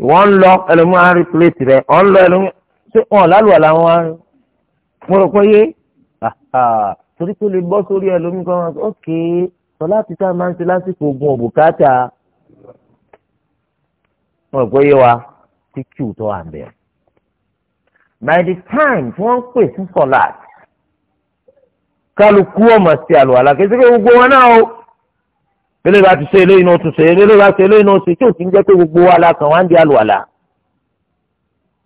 ìwọ ń lọ ẹlòmíràn á rí pílẹ̀tì rẹ ọ̀ ń lọ ẹlòmíràn ṣé wọn lálùwà làwọn á rí mo rò pé yé torí tó lè bọ́ sórí ẹlòmíràn kan wọn ok sọ láti tá a máa ń ṣe lásìkò ogun òbúkátà mo rò pé yé wa fíkì tó à ń bẹ. by the time tí wọ́n ń pè fún sọ̀láàtì kálukú ọmọ sí àlùwàlà kí sẹ́kẹ̀ gbogbo wọn náà o bẹ́lẹ̀ bá ti ṣe eléyìí náà ó tún ṣe eléyìí bá ṣe eléyìí náà ó ṣe tí ò ti ń jẹ́ pé gbogbo wa la kàn wá ń di àlùwàlà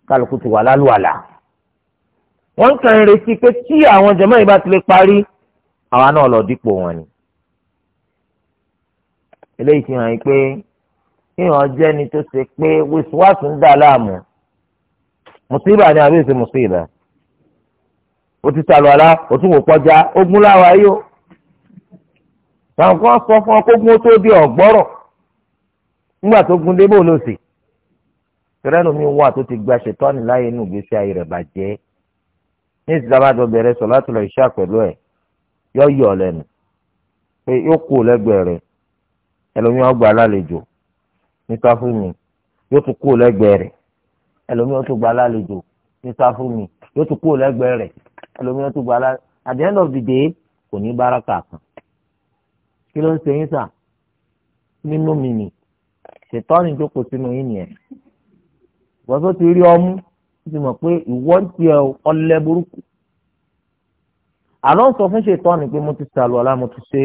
kálukú ti wà lálùwàlà wọ́n kàn ń retí pé tí àwọn jẹ̀mọ́ yìí bá ti lè parí àwa náà lọ dípò wọn ni eléyìí fi hàn yín pé kíyàn jẹ́ni tó ṣe pé wíṣíwáṣí ń dà láàmú mùsíbà ni àbí èsì mùsíbà o ti sàlù àlá o tún wò kọjá ogun láwa yìí o tàwọn kan sọ fún ọ kó gun tó di ọgbọrọ nígbà tó gun débò ló sì tẹrẹnu mi wà tó ti gba ṣètọ́ni láyé inú ìgbésí ayé rẹ̀ bàjẹ́ ní ìsìlámàjọ bẹ̀rẹ̀ sọ láti lọ iṣẹ́ pẹ̀lú ẹ̀ yọ yọ lẹ́nu pé yóò kú lẹ́gbẹ̀ẹ́ rẹ̀ ẹlòmíràn gba alálejò ní sáfù mi yóò tún kú lẹ́gbẹ̀ẹ́ rẹ̀ ẹlòmíràn tún alálejò ní sáfù mi yóò tún kú lẹ́gbẹ̀ẹ́ rẹ̀ ẹlòmíràn tó gba at the end of the day kò ní báraka kan kí ló ń ṣe yín sà nínú mi nì ṣètọ́ni jókòó sínú yín nìyẹn wọ́n tó ti rí ọmú ó ti mọ̀ pé ìwọ ń tiẹ̀ ọlẹ́ burúkú àlọ́ ń sọ fún ṣètọ́ni pé mo ti sàlùwàlá mo ti ṣe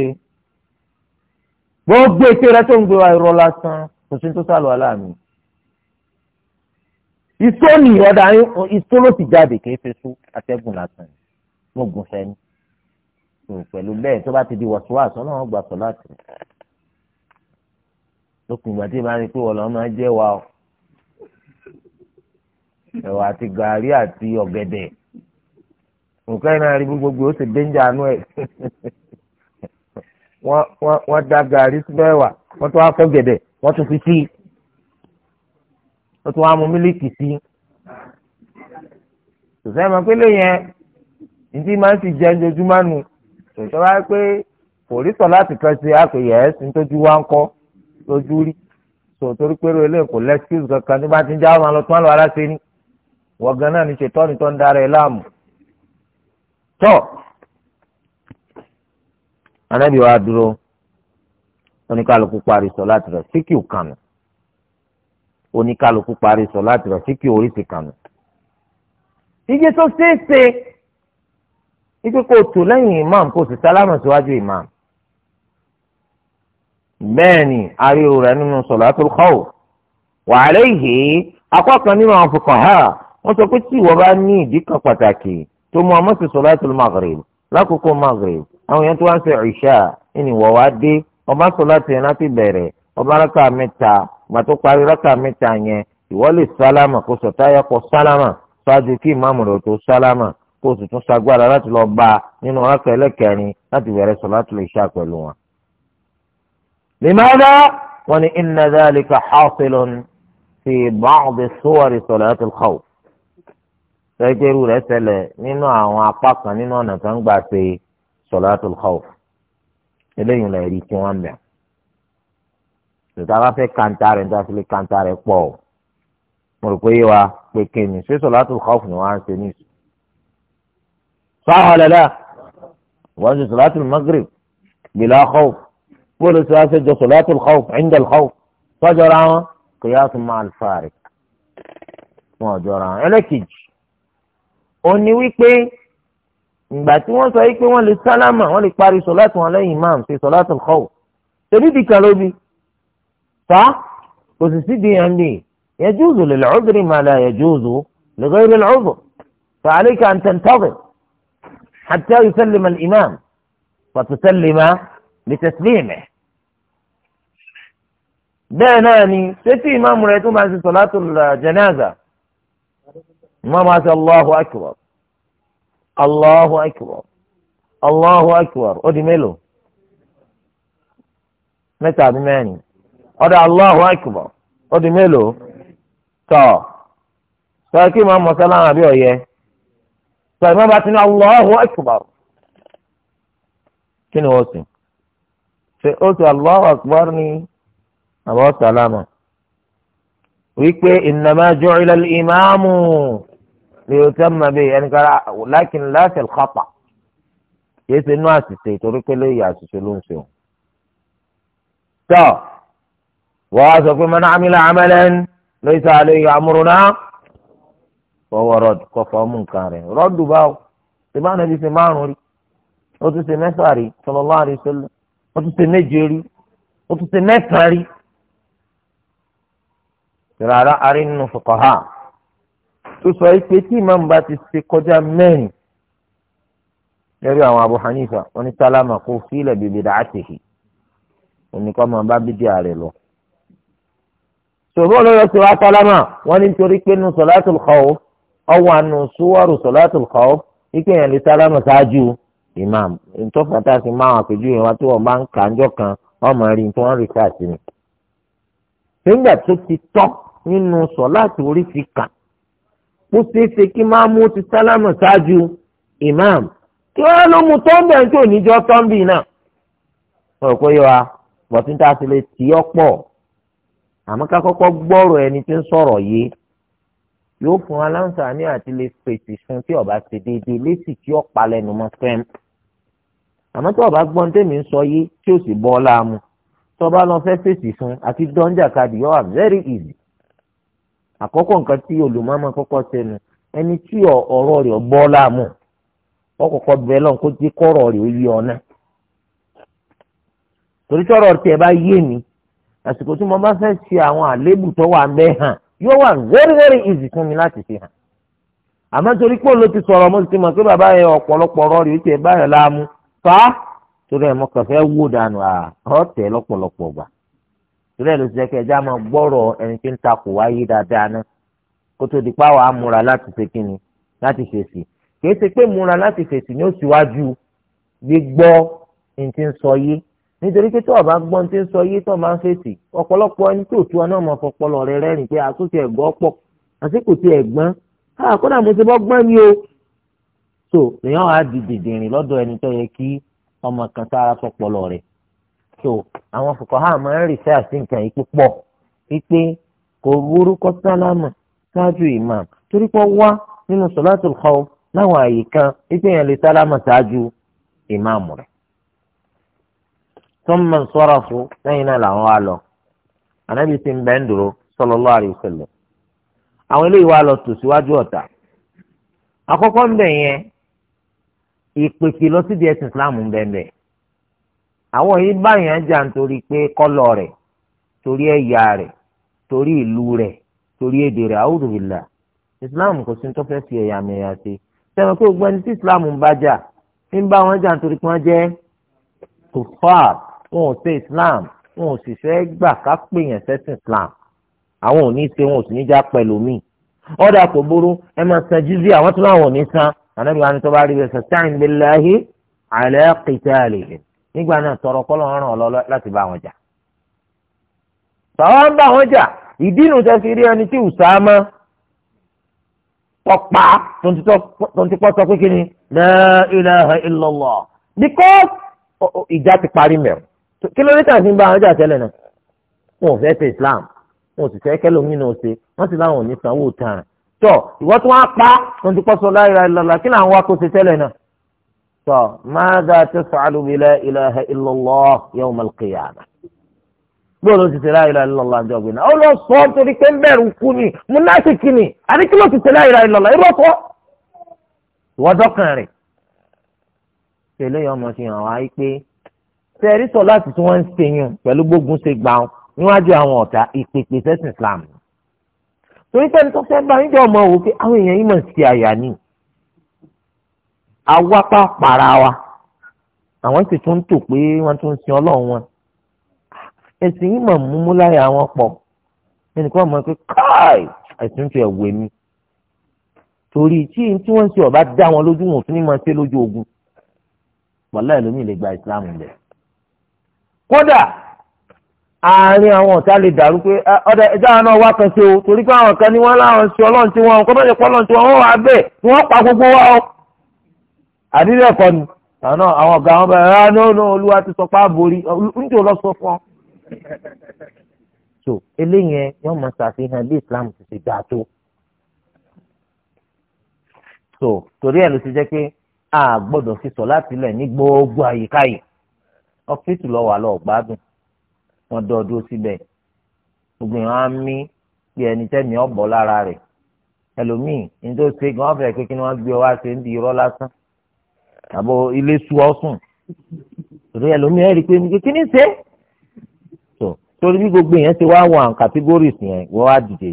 gbogbo ètè rẹ tó ń gbé wa irọ́ lásán kò sí tó sàlùwàlá mi ìtó nìyọ̀dá ìtó ló ti jáde kì í ṣe sú atẹ́gùn lásán yìí mo gùn fẹ́ni hmm, pẹ̀lú bẹ́ẹ̀ tó bá ti di wọ̀síwàsí ọlọ́run gbà pẹ̀lú àti lókun ìgbà tí ìbá rí pé wọ̀lọ́ máa jẹ́ wa o ẹ̀wà àti gàárì àti ọ̀gẹ̀dẹ̀ nǹkan iná rí gbogbo ó sì dénjà nú ẹ̀ [LAUGHS] wọ́n da gàárì síbẹ̀ wà wọ́n tún wá fọ́ gẹ̀dẹ̀ wọ́n tún fi sí wọ́n tún wá mu mílíkì sí. sùsẹ́ mọ̀ pé lè yẹn ntí máa ń ti jẹ ojoojúmọ́ nu tòótọ́ wá pé kò rí sọ láti kan ṣe àpèyẹ ẹ̀sìn tójú wá ń kọ́ lójú rí tòótórí pé ro eléyìí kò lẹ́síkìsì kankan tí wọ́n ti ń jáwọ́ máa lọ tún àlọ́ ara ṣe ni wọ́n gan náà ní ṣètọ́ ni tó ń dára láàmú. tọ́ anábì wa dúró oníkàlùkù parí sọ láti rẹ̀ síkìù kànú oníkàlùkù parí sọ láti rẹ̀ síkìù oríṣi kànú. iye tó ṣeé ṣe ipe kó o tò lẹ́yìn imam kó o sì sálámà síwájú imam bẹ́ẹ̀ ni ariwo rẹ̀ nínú sọ̀látùl khawf wa alayhi apá kan nínú àwọn fuqaha wọ́n sọ pé tí ìwọ bá ní ìdí kan pàtàkì tó mú ọmọ sí sọ̀látùl maghrib lákòókò maghrib àwọn yẹn tó wá ń sọ ìṣá ẹni wọ́n wá dé ọba sọ̀látù yẹn láti bẹ̀rẹ̀ ọba rákà mẹ́ta gbàtó parí rákà mẹ́ta yẹn ìwọ lè sálámà kó sọ̀táyà kọ sálámà ṣáájú kí ìmáàmù rẹ̀ tó sálámà kó o sì tún sagbára láti lọ bá a nínú ọ̀rọ̀ ẹlẹ́kẹrin láti bẹ̀rẹ̀ sọ̀láàtù ìṣà pẹ̀lú wọn. lèmọ́dá wọn ni inna dhalika hasilun fi ba'd suwar sọ̀láàtù al-khawf. sẹ́gbẹ́rú rẹ̀ ṣẹlẹ̀ nínú àwọn apá kan nínú ọ̀nà tó ń gbà ṣe sọ̀láàtù al-khawf. eléyìí lè rí tí wọ́n mẹ́. tòtá bá fẹ́ kanta rẹ̀ níta fi kanta rẹ̀ pọ̀ mo rò pé yé wa pé kéènì ṣé sọ̀láàtù al-khawf ni wọ́n á ṣe ní ìsìn صح ولا لا وأنت صلاة المغرب بلا خوف كل سياسة صلاة الخوف عند الخوف فجرى قياس مع الفارق wọ́n jọra ẹlẹ́kejì ó ní wípé ìgbà tí wọ́n sọ wípé wọ́n lè sálámà wọ́n lè parí sọ̀láàtì wọn lẹ́yìn imam ṣe sọ̀láàtì kọ́ọ̀ tẹ̀bíbi kan ló bi fa kò sì sí dnd yajuzu lil udri ma la yajuzu li ghayri al udri fa alayka an tantazir. حتى يسلم الإمام فتسلم لتسليمه bẹ́ẹ̀ náà ni ṣétí ìmáàmù rẹ̀ tó máa ṣe sọ̀látù jẹnáàzà wọ́n máa ṣe allahu akbar allahu akbar allahu akbar ó di mélòó mẹ́ta àbí mẹ́rin ọ̀dọ̀ allahu akbar ó di mélòó tọ̀ sọ kí ìmáàmù sọ́lá àbí ọ̀yẹ́ sọ̀rọ̀ máa bá ti ní Allahu Akbar kí ni wọ́n sìn ṣe ó sọ Allahu Akbar ní àbọ̀ sàlámà wípé innama ju'ila al-imamu li yutamma bihi ẹnìkan lakin la fil khata' yéé ṣe inú àṣìṣe ìtorí pé lóye àṣìṣe ló ń ṣe o. tọ́ wọ́n á sọ pé man amila amalan laysa alayhi amruna fọwọ́ rọ́ọ̀dù kọ́ fọ́ọ̀mù nǹkan rẹ̀ rọ́ọ̀dù báwo ṣèbá nàbí ṣe márùn rí ó tún ṣe mẹ́fà rí sallallahu alaihi wasallam ó tún ṣe méje rí ó tún ṣe mẹ́sàn-án rí. rárá arí nínú fuqaha tó sọ pé tí ìmáàmù bá ti ṣe kọjá mẹ́rin lórí àwọn Abu Hanifa wọn ní sálámà kó sílẹ̀ bíbí dàátìhì oníkọ́ máa bá bídí ààrẹ lọ. ṣòro ló yọ sálámà wọn ní torí pé nínú salatul khawf ọwọ́ àánú súwọ́rù sọ̀látùl khawf wípé èèyàn lè sálámù ṣáájú imam ntọ́fàtà sí máa àpèjú yẹn wá tí wọ́n bá ń kà ń jọ kan ọmọ rí tí wọ́n rí káàsì ni. sígbà tó ti tọ́ nínú sọ̀láàtì orí ti kà ó ṣeé ṣe kí máa mú ti sálámù ṣáájú imam kí wọ́n ló mu tọ́ǹbẹ̀ tí ò ní jọ tọ́ǹbì náà. mo rò pé yọ wa bọ̀tí tá a lè tì ọ́ pọ̀ àmọ́ ká kọ́kọ́ gbọ́rọ̀ ẹni tí ń sọ̀rọ̀ yìí yóò fún wa láǹfààní àti lè fèsì fún tí ọba ṣe déédéé lésì tí ọ̀pá lẹ́nu mọ́ fẹ́m. àmọ́ tí ọba gbọ́n tèmi ń sọ yé tí ó sì bọ́ láàmú tí ọba lọ fẹ́ fèsì fún àti dọ́njà kadì yóò wà very easy. àkọ́kọ́ nǹkan tí olùmọ́mọ́ kọ́kọ́ sẹ́nu ẹni tí ọ̀rọ̀ rẹ̀ bọ́ láàmú ọkọ̀kọ́ bẹ lọ́n kó jẹ́ kọ́rọ̀ rẹ̀ ó yé ọ̀nà. torí tọ́rọ̀ tiẹ̀ bá yé mi àsìkò tí mo bá fẹ́ ṣe àwọn àlébù tó wà mẹ́hàn yóò wà very very easy fún mi láti fi hàn àmọ́ torí pé ti sọ̀rọ̀ mo ti mọ̀ pé bàbá yẹn ọ̀pọ̀lọpọ̀ ọ̀rọ̀ rẹ̀ báyọ̀ láàmú fa torí ẹ̀ mo kàn fẹ́ dànù à ọ̀tẹ̀ lọ́pọ̀lọpọ̀ gbà torí ẹ̀ ló ti jẹ́ kí máa gbọ́rọ̀ ẹni tí ń wáyé dáadáa náà kó tó di páwọ̀ á múra láti fèsì ṣe pé múra fèsì ni ó síwájú gbígbọ́ nítorí pé tó ọba gbọ́n ti ń sọ yé tó máa ń fèsì ọ̀pọ̀lọpọ̀ ẹni tó tu ọ̀nà ọmọ ọpọlọ rẹ rẹ́rìn pé àtúntì ẹ̀gbọ́n pọ̀ àsìkò tí ẹ̀gbọ́n àkọ́dà mo ti bọ́ gbọ́n ni o. so èèyàn á di dìdìrìn lọ́dọ̀ ẹni tó yẹ kí ọmọ kan sára sọpọlọ rẹ̀ so àwọn fòkàn á máa ń rìfẹ́ àti nǹkan yìí púpọ̀ wípé kò burúkọ sálámà ṣáájú imam torí pé wá nínú sọ̀látùl khawf láwọn àyè kan wípé èèyàn lè sálámà ṣáájú imam ثم sarafu lẹ́yìn náà làwọn wá lọ ànábì sì ń bẹ́ ń dúró sallallahu alaihi wasallam àwọn eléyìí wá lọ tò síwájú ọ̀tá àkọ́kọ́ ń bẹ̀ yẹn ìpèpè lọ sí di ẹ̀sìn islam ń bẹ̀ bẹ̀ àwọn yìí báyìí jà nítorí pé kọ́lọ̀ rẹ̀ torí ẹ̀yà rẹ̀ torí ìlú rẹ̀ torí èdè rẹ̀ a'udhu billah islam kò sí tó fẹ́ fi ẹ̀yà mẹ́yà sí sẹ́wọ̀n pé gbogbo ẹni tí ń bá jà ń bá wọn jà nítorí pé wọ́n jẹ́ kufar wọn ò ṣe islam wọn ò sì fẹ́ gbà ká pè yẹn sẹ́sìn islam àwọn ò ní ṣe wọn ò sì ní já pẹ̀lú mi ọ̀dà kò burú ẹ máa san jizya àwọn tó láwọn ò ní san ànábi ni tó bá rí bẹ́ẹ̀ sasta'in billahi ala qitalihim nígbà náà tọrọ kọ́ lọ́rùn ọ̀lọ́ láti bá wọn jà tọ́wọ́ bá wọn jà ìdí nu tẹ́ fi rí ẹni tí Usama pọ̀pá tó pọ́ sọ pé kí ni la ilaha illallah because ìjà ti parí mẹ́rin kí ló dé tàbí ń bá àwọn ọjà tẹ́lẹ̀ náà wọn ò fẹ́ ṣe islam wọn ò sì fẹ́ kẹ́lómi náà ṣe wọ́n sì láwọn ò ní sanwó tàn tọ́ ìwọ́n tí wọ́n á pa wọn ti pọ́sọ láìra ìlọ́la kí làwọn wá kó ṣe tẹ́lẹ̀ náà tọ́ máadà taf'alu bi la ilaha illallah yawm al-qiyamah gbọ́dọ̀ ti tẹ̀lé àìlà ìlọ́lá àjọ ọ̀gbìn náà ó lọ sọ ọ́ torí pé ń bẹ̀rù kú ni múnásìkì ni àní kí ló ti tẹ̀lé àìlà ìlọ́lá irú ọ̀fọ́ ìwọ́dọ́kàn rẹ̀ tẹ̀lé tẹ̀rí sọ láti tí wọ́n ń ṣe yàn pẹ̀lú gbógun ṣe gbà wọn níwájú àwọn ọ̀tá ìpèpè sẹ́sìn Islam torí sẹ́ni tó fẹ́ bá níjọ́ ọmọ wò pé àwọn èèyàn yìí mọ̀ sí àyà ni awápá para wa àwọn sì tún tò pé wọ́n tún sin ọlọ́run wọn ẹ̀sìn yìí mọ̀ múmú láyà wọn pọ̀ ẹnìkan mọ̀ pé káì ẹ̀sìn tó ẹ̀wẹ̀ mi torí tí tí wọ́n ń ṣe ọ̀bá dá wọn lójú wọn ò tún ní máa ṣe lójú ogun wàhálà ẹlòmíì lè gba ìsìlámù lẹ̀ kódà àárín àwọn ọ̀tá lè dàrú pé ah, ọ̀dà ẹja náà wá kan sí o torí pé àwọn kan ní wọ́n láwọn sí ọlọ́run tí wọ́n kọ́ mẹ́jọ pọ́lọ́run tí wọ́n wà bẹ́ẹ̀ tí wọ́n pa gbogbo wa o àdílé ẹ̀kọ́ ni àwọn àwọn ọ̀gá wọn bẹ̀rẹ̀ rárá ní ọ̀nà olúwa ti sọ pé àbórí níjò lọ sọ fún ọ. so eléyẹn yóò máa ṣàfihàn bí Islam ti ṣe dáa tó. so torí ẹ̀ ló ti jẹ́ pé a gbọ́dọ̀ fi sọ láti lẹ̀ ní gbogbo àyíká yìí ọfíìsì lọ wà lọ gbádùn wọn dọdún síbẹ̀ gbogbo yẹn á mí bí ẹni tẹmí ọbọ lára rẹ̀ ẹlòmíì nítorí ṣe gan ọbẹ pé kí ni wọn gbé ọ wá ṣe ń di irọ́ lásán àbọ ilé sú ọ sùn torí ẹlòmíì ẹ rí i pé nígbè kí ni ṣe tó torí bí gbogbo yẹn ṣe wá wọn categories yẹn wọn wá dìde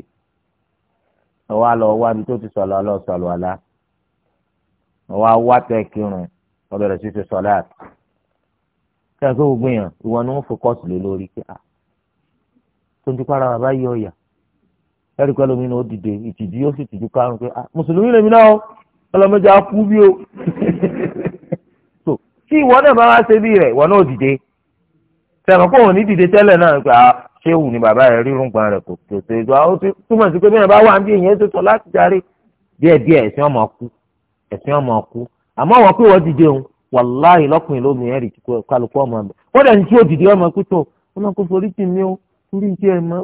wọn wá lọ wá ibi tó ti sọlọ lọ sọlọ àlá wọn wá wá tẹ kírun wọn bẹ̀rẹ̀ sí ti sọlá kí a kó gbogbo yàn ìwọ ni wọ́n fọkọsì lé lórí pé a ah, tó ń dúpọ ara bàbá yọ ọyà ẹrí pẹ̀lú mi náà ó dìde ìtìjú yóò sì tìjú karùn pé a ah, mùsùlùmí lèmi náà ọlọmọdé á kú bí o [LAUGHS] so tí ìwọ náà bá wá ṣe bí rẹ ìwọ náà ó dìde sẹ̀mọ̀ kó òun ní dìde tẹ́lẹ̀ náà pé a ah, ṣéwù ni bàbá rẹ̀ rírun gbọ́n rẹ̀ kò tètè ìdò àwọn tó túmọ̀ sí pé bẹ́ẹ̀ bá wà ní ìyẹn tó tọ̀ láti darí díẹ̀díẹ̀ ẹ̀sìn ọmọ kú ẹ̀sìn ọmọ kú àmọ́ wọn pé wọ́n dìde òun wàláhì lọ́kùnrin lóbìnrin ẹ̀rì tí kálukú ọmọ ẹ̀ wọ́n dẹ̀ ní tí òdìdí ọmọ pító ọmọ kò forí tì mí o torí ti ẹ̀ mọ́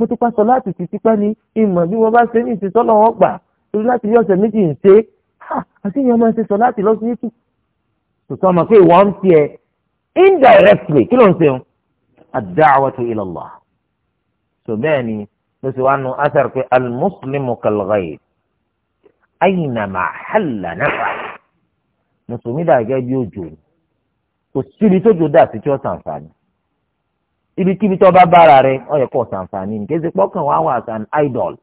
mo ti pàṣọ láti ti tipẹ́ ní ìmọ̀ bí wọ́n bá ṣe ní ìṣesọ́ lọ́wọ́ gbà torí láti yí ọ̀sẹ̀ méjì ń ṣe àti ìyẹn máa ṣe sọ láti lọ sí yéṣù tòtọ́ ọmọ pé ìwọ ń tiẹ̀ indirectly kí ló ń ṣeun ad-da'watu ila Allah tó bẹ́ẹ̀ ni ló ṣe wá nu asar pé al-muslimu halla nafa mùsùlùmí dà gẹ́gẹ́ bí òjò ni kò síbi tó jò dà sí tí ó sàǹfààní ibikíbi tó bá bára rẹ ó yẹ kó sàǹfààní ní kéde pọ́kàn wá wà sàn idol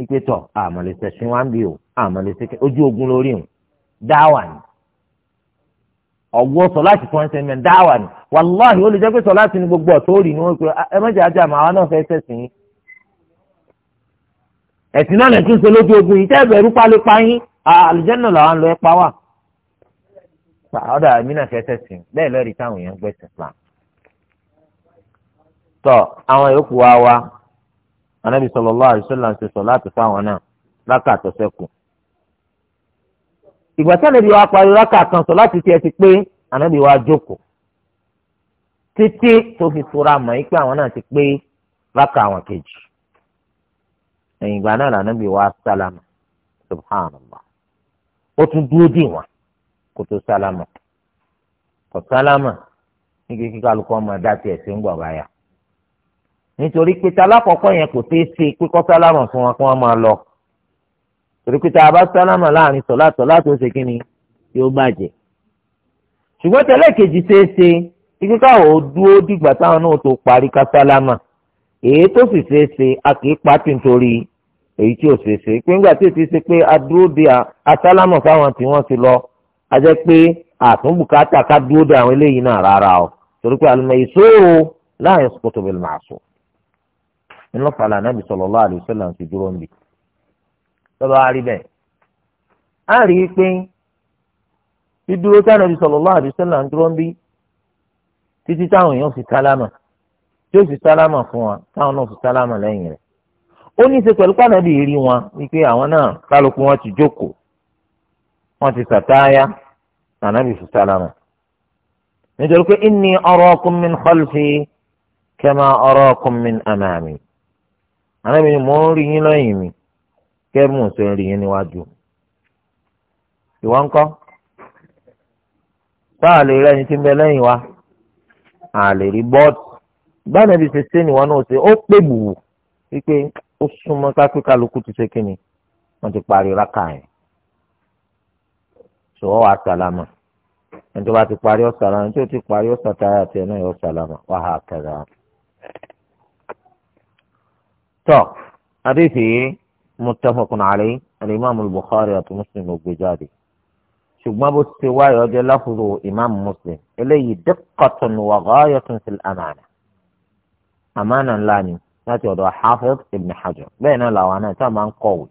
ipe tọ àmọ̀lẹ́sẹ̀ sin wá ń bí o àmọ̀lẹ́sẹ̀ ojú ogun lórí o dáwà ni ọ̀gbọ́n sọ láti fọ́n sẹ́mẹ̀ dáwà ni wàláhì ó lè jẹ́ pé sọ láti ní gbogbo ọ̀tọ́ òrì ni wọ́n pe ẹ mẹ́jọ ajá àmọ́ àwọn náà fẹ́ sẹ́sìn yín ẹ̀sìn náà lè ṣe lójú ogun yìí tẹ́ẹ̀bẹ̀rú pálípáyín àlùjẹ́nà làwọn lọ ẹ pa wà pa ọ̀dà àmínà fẹsẹ̀ sí i bẹ́ẹ̀ lọ́ọ̀rì táwọn èèyàn gbẹ̀sẹ̀ pa. tọ àwọn yòókù wa wa anábì sallallahu alaihi wasallam ṣe sọ láti fáwọn náà lákàtọ̀ sẹ́kù. ìgbà tí anábì wa parí rákà kan sọ láti tiẹ̀ ti pé anábì wa jókòó títí tó fi tura mọ̀ yí pé àwọn náà ti pé rákà àwọn kejì. ẹ̀yìn ìgbà náà lànàbì wa sálámà subhanallah ó tún dúró dì wọ́n kó tó sálámà kò sálámà ní kí kíkálukú ọmọ dá tiẹ̀ sí ń gbọ̀ báyà nítorí pé talákọ̀ọ́kọ́ yẹn kò tẹ́ ṣe pé kọ́ sálámà fún wọn kí wọ́n máa lọ torí pé tá sálámà láàrin sọ̀lá sọ̀lá ṣe kí ni yóò bàjẹ́ ṣùgbọ́n tẹ́lẹ̀ kejì ṣe é ṣe ibi káwọn ò dúró dìgbà táwọn náà tó parí ká sálámà èyí tó sì ṣe é ṣe a kì í pa tì nítorí èyí tí ò ṣe é ṣe pé ńgbà tí ò ti ṣe pé a dúró de fáwọn tí wọ́n ti lọ a jẹ́ pé àtúnbùkátà ká dúró de àwọn eléyìí náà rárá o torí pé àlùmọ̀ ìṣòro láàrin sọ́kòtò bẹ̀rẹ̀ máa sọ. nínú fàlà anábì sallallahu alaihi wasallam ti dúró níbi. lọ́ba wa rí bẹ́ẹ̀ á rí i pé dídúró tánàbì sallallahu alaihi wasallam dúró níbi títí táwọn èèyàn fi sálámà tí ó fi sálámà fún wa táwọn náà fi sálámà lẹ́yìn rẹ̀ ó ní í ṣe pẹ̀lú pàdánù ìrí wọn wípé àwọn náà kálukú wọn ti jókòó wọ́n ti sàtáyà nànàbì sùsàlámà nítorí pé inni araakum min khalfi kama araakum min amami nànàbì ni mò ń rí yín lọ́yìn mi kẹ́mù ṣe ń rí yín níwájú ìwọ ńkọ́ báà lè rẹ́ni tí ń bẹ lẹ́yìn wa àlè rí bọ́ọ̀tù gbọ́dọ̀ bí ṣe ṣe nìwọ náà ṣe ó pè bùwù wípé ó súnmọ́ kápẹ́ kálukú ti ṣe kí ni wọ́n ti parí rákà yẹn sọ wọ́n wà sálámà ẹni tó bá ti parí ọ̀ sálámà ẹni tó ti parí ọ̀ sàtáyà àti ẹ̀ náà yọ sálámà wà á kẹ̀dà. tọ́ adéfì yìí muttafaqun alayhi alimami bukhari àti muslim ló gbé jáde ṣùgbọ́n bó ti wáyé ọjọ́ láfúrò imam muslim eléyìí diqqatun wa ghayatun fil amana amana ńlá ni láti ọ̀dọ̀ hafiz ibn hajar bẹ́ẹ̀ náà làwọn náà tá a máa ń kọ̀wé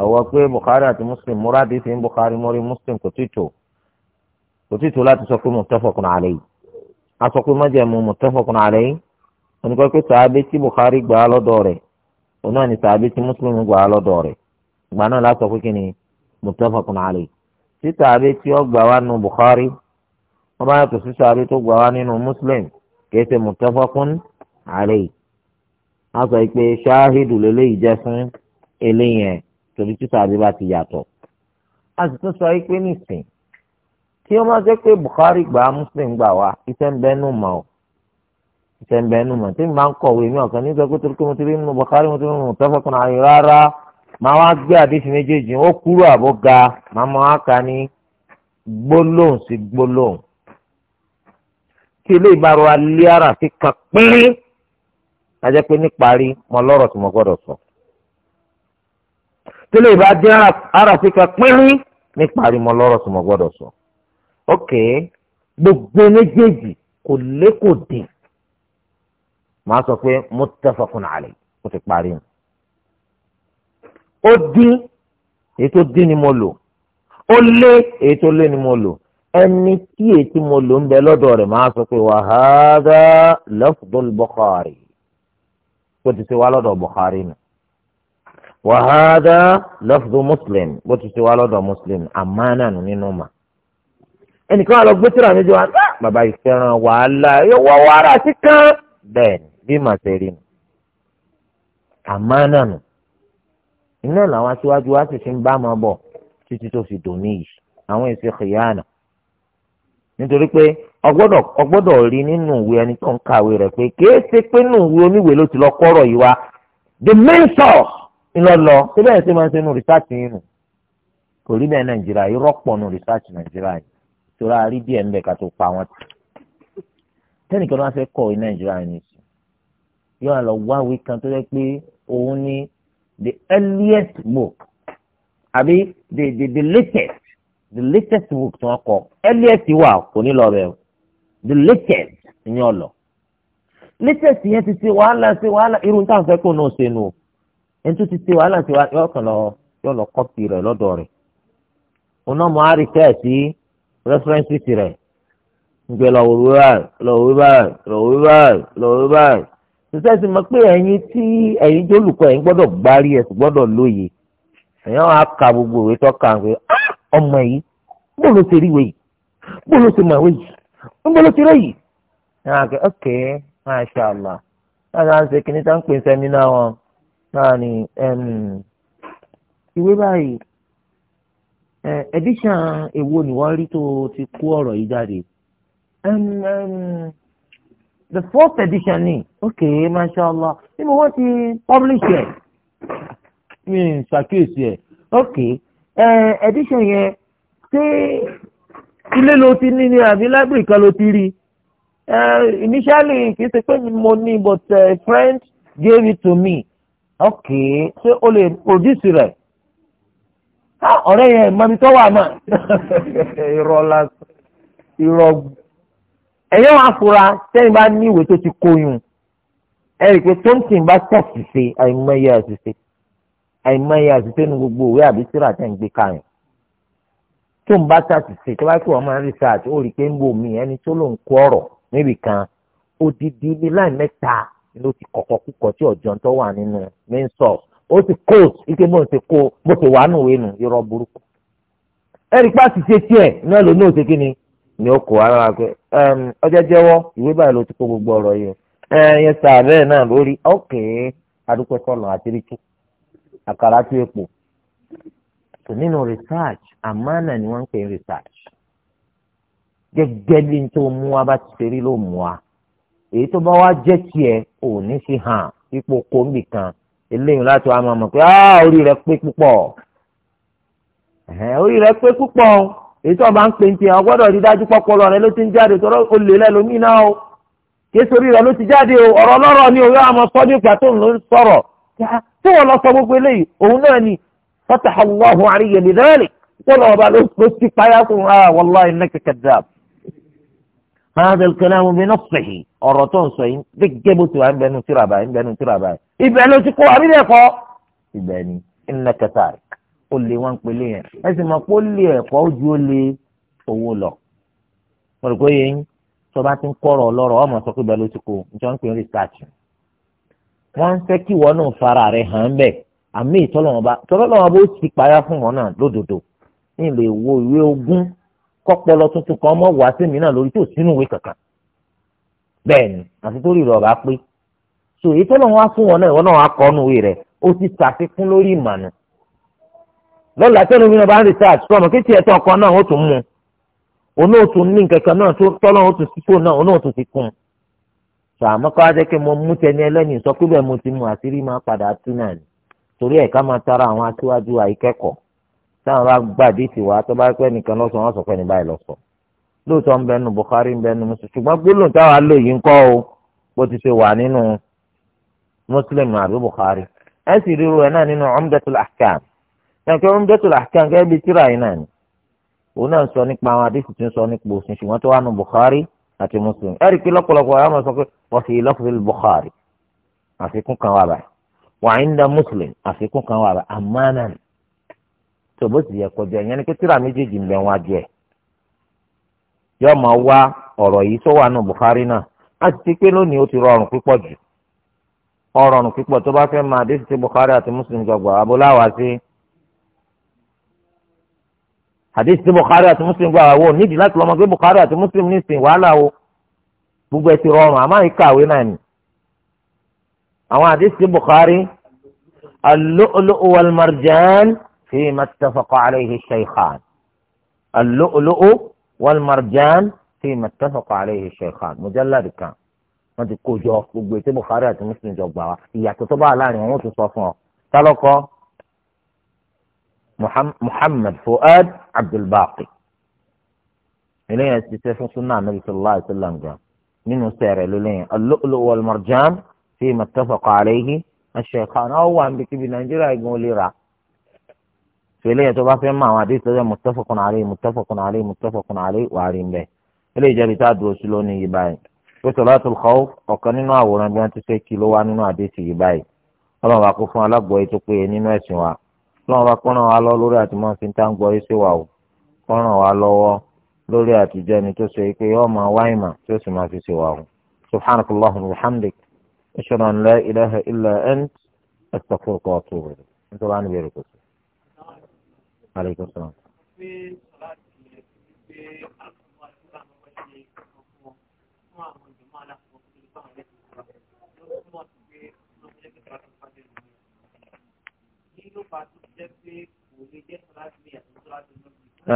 àwọn pé bukhari àti muslim muradi fi ń bukhari mọ́rí muslim kò tí tó kò tí tó láti sọ pé muttafaqun alayhi a sọ pé májẹ̀mú muttafaqun alayhi oníkọ́ pé sàábé tí bukhari gbà á lọ́dọ̀ rẹ̀ òun náà ni sàábé tí muslim gbà á lọ́dọ̀ rẹ̀ ìgbà náà láti sọ pé kí ni muttafaqun alayhi tí sàábé tí ó gbà wá nínú bukhari wọ́n bá yàtọ̀ sí sàábé tó gbà wá nínú muslim kì í torí títà àbí bá ti yàtọ̀. a sì tún sọ pé nìsín tí wọ́n bá jẹ́ pé Bukhari gbà Muslim gbà wá iṣẹ́ ń bẹ́ẹ̀ nù mọ́ o iṣẹ́ ń bẹ́ẹ̀ nù mọ́ tí mo máa ń kọ̀wé mi ọ̀kan nígbà pé torí pé mo ti rí nínú Bukhari mo ti rí nínú tọ́fọ̀kùnrin àyè rárá máa wá gbé àdéhùn méjèèjì ó kúrò àbọ̀ ga máa máa kà ní gbólóhùn sí gbólóhùn tí ilé ìbára wa lé ara sí kan pínrín ajẹ́ pé níparí mo lọ́rọ̀ tí mo gbọ́dọ̀ sọ tílé ìbá jẹ́ àràfíkà pínrín nípa àrímọ lọ́rọ̀ tí mo gbọ́dọ̀ sọ. ok gbogbo méjèèjì kò lé kò dín màá sọ pé muttafaqun alayh mo ti parí mu. ó dín èyí tó dín ni mo lò ó lé èyí tó lé ni mo lò ẹni tí èyí mo lò ń bẹ lọ́dọ̀ rẹ̀ màá sọ pé wa hadha lafdul Bukhari ti ṣe wá lọ́dọ̀ Bukhari nù wàhádà lọ́fùdù muslim bó ti ti wá lọ́dọ̀ muslim àmánà nínú mà ẹnìkan àlọ́ gbé tíra méjì wá bàbá ìfẹ́ràn wàhálà yóò wọ wàrà sí kan bẹ́ẹ̀ bí mà ṣe rí nu àmánà nù iná làwọn aṣíwájú wa sì fi ń bá máa bọ̀ títí tó fi dùn níyì àwọn èsì kìyànà nítorí pé ọgbọ́dọ̀ ọgbọ́dọ̀ rí nínú ìwé ẹni tó ń kàwé rẹ̀ pé kìí pé nínú ìwé oníwèé ló ti lọ kọ́rọ̀ yìí wá the main source ńlọlọ síbẹ̀ ẹ̀ ṣe máa ń ṣe nu rìsáàtì yìí nù kò rí bẹ́ẹ̀ nàìjíríà yìí rọ́pọ̀ nu rìsáàtì nàìjíríà yìí ìṣòro àárí díẹ̀ ń bẹ̀ ká tó pa wọn tì tẹ́nìkan máa fẹ́ kọ̀ ní nàìjíríà yìí nìṣẹ́ yóò lọ wáwé kan tó yẹ pé òun ni the earliest book àbí the the the latest the latest book tí wọ́n kọ earliest wà kò ní lọ bẹ́ẹ̀ the latest ìyẹn ọ̀lọ́ latest yẹn ti ṣe wàhálà ṣe wàhálà irun táwọn fẹ́ kó náà ṣe nù o ẹni tó ti ṣe wàhálà ṣe wàhálà yọ kàn lọ yọ lọ kọ́pì rẹ̀ lọ́dọ̀ rẹ̀ òun náà mọ àríkẹ́ sí rẹ́fúrẹ́nsì tirẹ̀ ǹgbẹ́ lọ́wọ́ báyìí lọ́wọ́ báyìí lọ́wọ́ báyìí lọ́wọ́ báyìí ṣiṣẹ́ sì mọ̀ pé ẹ̀yin tí ẹ̀yin jólùkọ́ ẹ̀yin gbọ́dọ̀ gbárí ẹ̀ sì gbọ́dọ̀ lóye èèyàn á ka gbogbo ìwé tó kà ń pé ah, ọmọ yìí bó ló ti rí ìwé yìí bó ti mọ ìwé yìí bó ti rí yìí. ẹ̀ ẹ́ ok masha allah ṣáà ṣe kìnnìkan pè sẹ́mínà wọn náà ni ìwé báyìí edition èwo ni wọ́n rí tó ti kó ọ̀rọ̀ yìí jáde the fourth edition ni ok mashallah ni mo wọ́n ti publish ẹ̀ mi ṣàkíyèsí ẹ̀ ok edition yẹn ṣé ilé ló ti ní ní àbí library kan ló ti rí initially kì í ṣe pé mo ní but a eh, friend gave it to me ok ṣé o lè produce rẹ̀ ọ̀rẹ́ yẹn mọbi tó wà náà [LAUGHS] irọ́ lásán irọ́ ẹ̀yẹ́ wàá fura sẹ́yìn bá ní ìwé tó ti kóyún ẹ rí i pé tóńtìn bá ṣàṣìṣe àìmọye àṣìṣe àìmọye àṣìṣe ní gbogbo òwe àbí síra tẹ̀ ń gbé káyọ̀ tó ń bá ṣàṣìṣe tó bá kí wọ́n máa ń research ó rí i pé ń bò mí ẹni tó ló ń kó ọ̀rọ̀ níbì kan odidi ní láì mẹ́ta ló ti kọ̀kọ́ kúkọ tí ọ̀jọ́ ń tọ́ wà nínú main source ó ti kó ike mo ń kó bó ṣe wà nù wínú irọ́ burúkú. ẹ̀rí pàṣẹ ṣe tiẹ̀ náà ló ní òṣèké ni ni ó ara ọjọ́ jẹ́wọ́ ìwé báyìí gbogbo ọ̀rọ̀ yìí ẹ bẹ́ẹ̀ náà lórí ọ̀kẹ́ adúpẹ́ sọ̀nà àkàrà epo tò nínú research ni wọ́n ń research gẹ́gẹ́ bí n tó mú wa bá ti èyí tó bá wá jẹ́ tiẹ̀ ò ní fi hàn ipò kòmbì kan eléyìí láti wá máa mọ̀ pé orí rẹ pé púpọ̀ orí rẹ pé púpọ̀ èyí tó bá ń pè ń tiẹ̀ ọgbọ́dọ̀ rí dájú pọ́pọ́lọ rẹ ló ti ń jáde tọ́lọ́ o lè lẹ́lòmíì náà o kéésì orí rẹ ló ti jáde o ọ̀rọ̀ lọ́rọ̀ ni òun àmọ́ sọ nípa tó ń sọ̀rọ̀ tí wọ́n lọ sọ gbogbo eléyìí òun náà ni fatahallahu alayhi lidhalik wọ́n lọ́ọ́ bá ló ti هذا الكلام بنصه أرطون سوين بجبت عن بنو ترابا عن بنو ترابا إبقى لو تقوى عبيدك إبقاني إنك تارك قل لي وانك بلي أسمى قل لي قوجو لي أولو ولكن tó bá ti ń kọ̀rọ̀ lọ́rọ̀ ọmọ sọ pé bẹ́ẹ̀ ló ti kó njọ́ ń pè ní research wọ́n ń fẹ́ kí wọ́n náà fara rẹ̀ hàn bẹ́ẹ̀ àmì ìtọ́lọ́wọ́n bá tọ́lọ́wọ́n bó ti payá fún wọn náà lódodo ní ìlú èwo ìwé ogún kọ́pọlọ tuntun kan mọ̀ wá sí mi náà lórí tí ò sínú ìwé kankan bẹ́ẹ̀ ni àti torí rẹ̀ ọ̀bá pé so èyí tó lọ́wọ́ wá fún wọn náà ìwọ náà wá kọ́ ọ́nù ìwé rẹ̀ ó ti ṣàfikún lórí lọ́la mi náà bá ń research sọ̀rọ̀ kí tiẹ̀ tán kan náà ó tún mú un ó tún ní kankan náà ti mú àṣírí máa padà náà ni torí ẹ̀ ká máa tara àwọn táwọn bá gbàdí tiwa tó bá pẹ́ nìkan lọ́sọ̀ wọn sọ pé ní báyìí lọ́sọ̀ lóòótọ́ ń bẹnu Bukhari ń bẹnu Muslim ṣùgbọ́n gbólóhùn táwa lò yìí ń kọ́ o bó ti ṣe wà nínú Muslim àbí Bukhari ẹ sì ríru ẹ náà nínú Umdatul Ahkam ẹnìkan Umdatul Ahkam gẹ́gẹ́ bíi tíra yìí náà ni òun náà ń sọ nípa àwọn àdéhùn tí ń sọ nípa òsìn ṣùgbọ́n tó wà nù Bukhari àti Muslim ẹ rí i pé lọ́pọ̀lọpọ̀ tó bó sì yẹ kọjá ìyẹn ni pé tíra méjèèjì ń bẹ wọn adìẹ yóò máa wá ọ̀rọ̀ yìí tó wà nù Bukhari náà láti ti pé lónìí ó ti rọrùn pípọ̀ jù ọrọrùn pípọ̀ tó bá fẹ́ máa dé ti Bukhari àti Muslim gbàgbọ́ abúláwa sí hadith ti Bukhari àti Muslim gbàgbọ́ wo nídìí láti lọ́mọ pé Bukhari àti Muslim nísìn wàhálà o gbogbo ẹ ti rọrùn àmọ́ ìkàwé náà ni àwọn hadith ti Bukhari al-lu'lu' فيما اتفق عليه الشيخان اللؤلؤ والمرجان فيما اتفق عليه الشيخان مجلد كان ما تقول جوف بقوة بخاري هاتي مسلم جوف هي تطبع لاني يعني مو صفو تلقى محمد فؤاد عبد الباقي إليه يستفع سنة النبي صلى الله عليه وسلم جاء من سير لليه اللؤلؤ والمرجان فيما اتفق عليه الشيخان أول بكبير نجرة يقول لي راه tó eléyìí tó bá fẹ́ mọ àwọn àdéhùn sọ́jà muttafaqun alayhi muttafaqun alayhi muttafaqun alayhi wà á rí mbẹ́ eléyìí jẹ́bi tá a dúró sí lónìí yìí báyìí pé salatul khawf ọ̀kan nínú àwòrán bí wọ́n ti ṣe kí ló wá nínú àdéhùn yìí báyìí ọlọ́run bá kó fún alágbọ̀ọ́yé tó péye nínú ẹ̀sìn wa ọlọ́run bá kọ́ràn wa lọ lórí àtìmọ́ fi ń tá ń gbọ́ yìí sí wa o Aleykum salaam.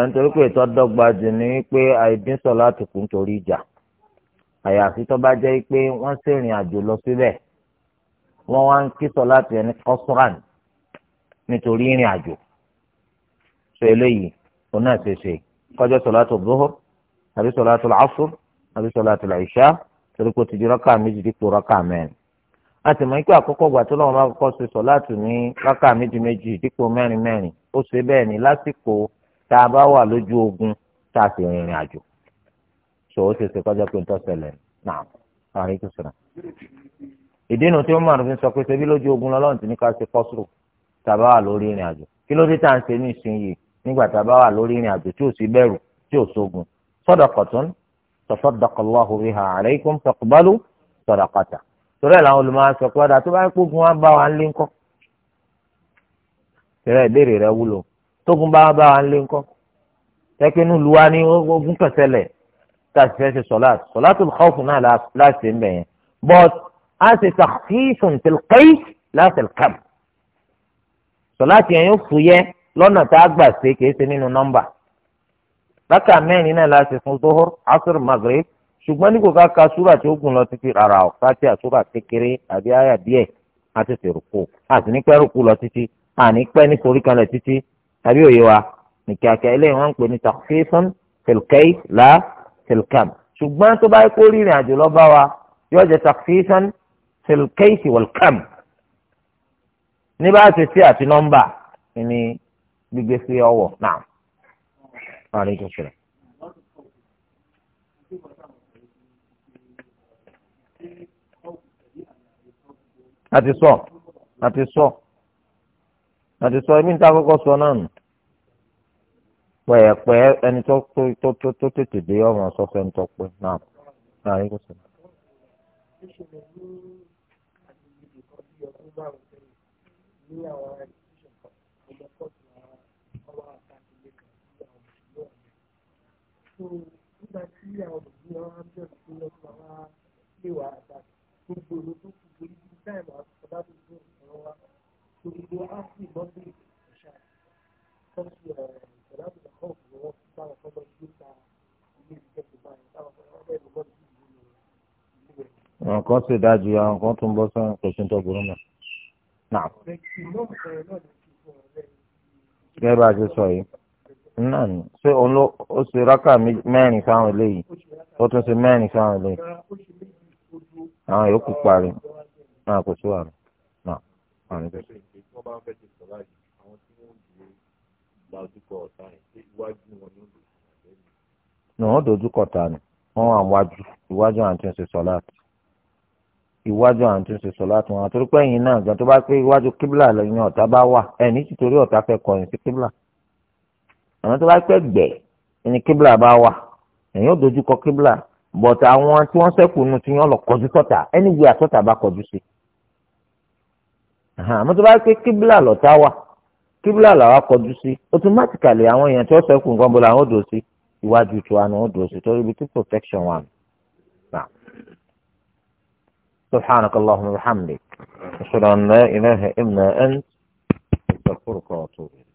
nítorí pé ìtọ́ dọ́gba jù ní pé àìdín sọ láti kún torí ìjà àyàfi tó bá jẹ́ pé wọ́n ṣèrìn àjò lọ síbẹ̀ wọ́n wá ń kí sọ láti ẹni kọ́sùrán nítorí ìrìn àjò sọ eléyìí òun náà ṣe ṣe kọjá sọláàtù zuhur àbí sọláàtù asr àbí sọláàtù ìṣá torí pé ó ti di rákà méjì dípò rákà mẹ́rin àti mọ̀ ikú àkọ́kọ́ gbà tó lọ́wọ́ máa kọ́kọ́ ṣe sọláàtù ní rákà méjì méjì dípò mẹ́rin mẹ́rin ó ṣe bẹ́ẹ̀ ni lásìkò tá a bá wà lójú ogun tá a sì rìnrìn àjò so ó ṣe ṣe kọjá pé ń tọ́ ṣẹlẹ̀ náà àríkú sọ̀rọ̀ ìdínà tí Umar fi sọ pé ṣebí lójú ogun lọ́lọ́run ti ní ká ṣe kọ́sùrù tàbá wà lórí ìrìn àjò kí ló dé tá à ń ṣe ní ìsinyìí nígbà tá a bá wà lórí ìrìn àjò tí ò sí bẹ̀rù tí ò sógun sadaqatun tasaddaqallahu biha alaykum taqbalu sadaqata torí ẹ̀ làwọn olùmọ̀ sọ pé ọ̀dà tó bá gbógun wá bá wa ń lé ńkọ́ tẹ̀rẹ̀ ìbéèrè rẹ wúlò tógun bá wa bá wa ń lé ńkọ́ tẹ́kínú luwa ní ogun pẹ̀sẹ̀lẹ̀ tá a sì fẹ́ ṣe sọ̀láàtì sọ̀láàtì khawfu náà láti ń bẹ̀ lọ́nà tá a gbà ṣe kìí ṣe nínú nọ́mbà rákà mẹ́rin náà la ṣe fún zohor asr maghrib ṣùgbọ́n ní kò ká ka súrà tí ó gùn lọ títí rárá o ká tí a súrà kékeré àbí àyà díẹ̀ á ti ṣe rúkú a sì ní pẹ́ rúkú lọ títí a ní pẹ́ ní forí kanlẹ̀ títí àbí òye wa ní kíákíá eléyìí wọ́n ń pè ní takhfifan filkai la filkam ṣùgbọ́n tó bá kó rírìn àjò lọ bá wa yóò jẹ́ takhfifan filkai wal kam ní bá a ṣe ṣe àti nọ́mbà ní gbígbé sí ọwọ́ náà. Aleykum salaam. àti sọ àti sọ àti sọ ẹbí ń ta kọ́kọ́ sọ náà nù pẹ̀ẹ́pẹ́ ẹni tó tó tó tó tètè dé ọmọ sọ́fẹ́ ń tọpẹ́ náà láàrin kò sọ. ní àwọn so nígbà tí àwọn òbí wọn á bẹ̀rẹ̀ sí lọ́kọ̀ àwọn ìwà àgbà gbogbo ló tó kù torí bí táìmù àkọ́dá tó tó ọ̀rọ̀ wa torí ló á sì mọ́tò ìṣà tọ́sí ìṣẹ̀dá tó lọ́kọ̀ òkú wọn fún báwọn fọ́dọ̀ sí ìta ilé ìṣẹ́ tó báyìí báwọn fọ́dọ̀ bẹ́ẹ̀ ló bọ́dọ̀ sí ìlú rẹ̀. àwọn kan ṣe dájú àwọn kan tún bọ́ sọ́run kò sí tó burú mọ́. gẹ́gẹ́ bá a ṣe sọ yìí náà ni ṣé òun ló ó ṣe rákà mẹ́rin sáwọn eléyìí ó tún ṣe mẹ́rin sáwọn eléyìí àwọn yòókù parí náà kò sí wàrà náà wàrà níbẹ̀. nà wọ́n dojú kọ̀tà ni wọ́n wà wájú iwájú àti ń ṣe sọ́láàtì iwájú àwọn tó ń ṣe sọ̀láàtì wọn àtúrúpẹ́yìn náà gan tó bá pé iwájú kíbla lẹ́yìn ọ̀tá bá wà ẹ̀ ní títorí ọ̀tá fẹ́ kọ̀yìn sí kíbla àwọn tó bá pẹ́ gbẹ̀ ẹni kíbla bá wà èyàn ò dojú kọ kíbla bọ̀tà àwọn tí wọ́n sẹ́kù nu ti yàn lọ kọjú sọ́tà ẹni wíwà sọ́tà bá kọjú sí. àwọn tó bá pẹ́ kíbla lọ́tà wà kíbla làwa kọjú sí automatically àwọn èèyàn tí wọ́n sẹ́kù nǹkan bọ̀ làwọn ò dò sí iwájú tiwa ni wọ́n dò sí torí ibi tí protection wà ní. سبحانك اللهم وبحمدك أشهد أن لا إله إلا أنت أستغفرك وأتوب إليك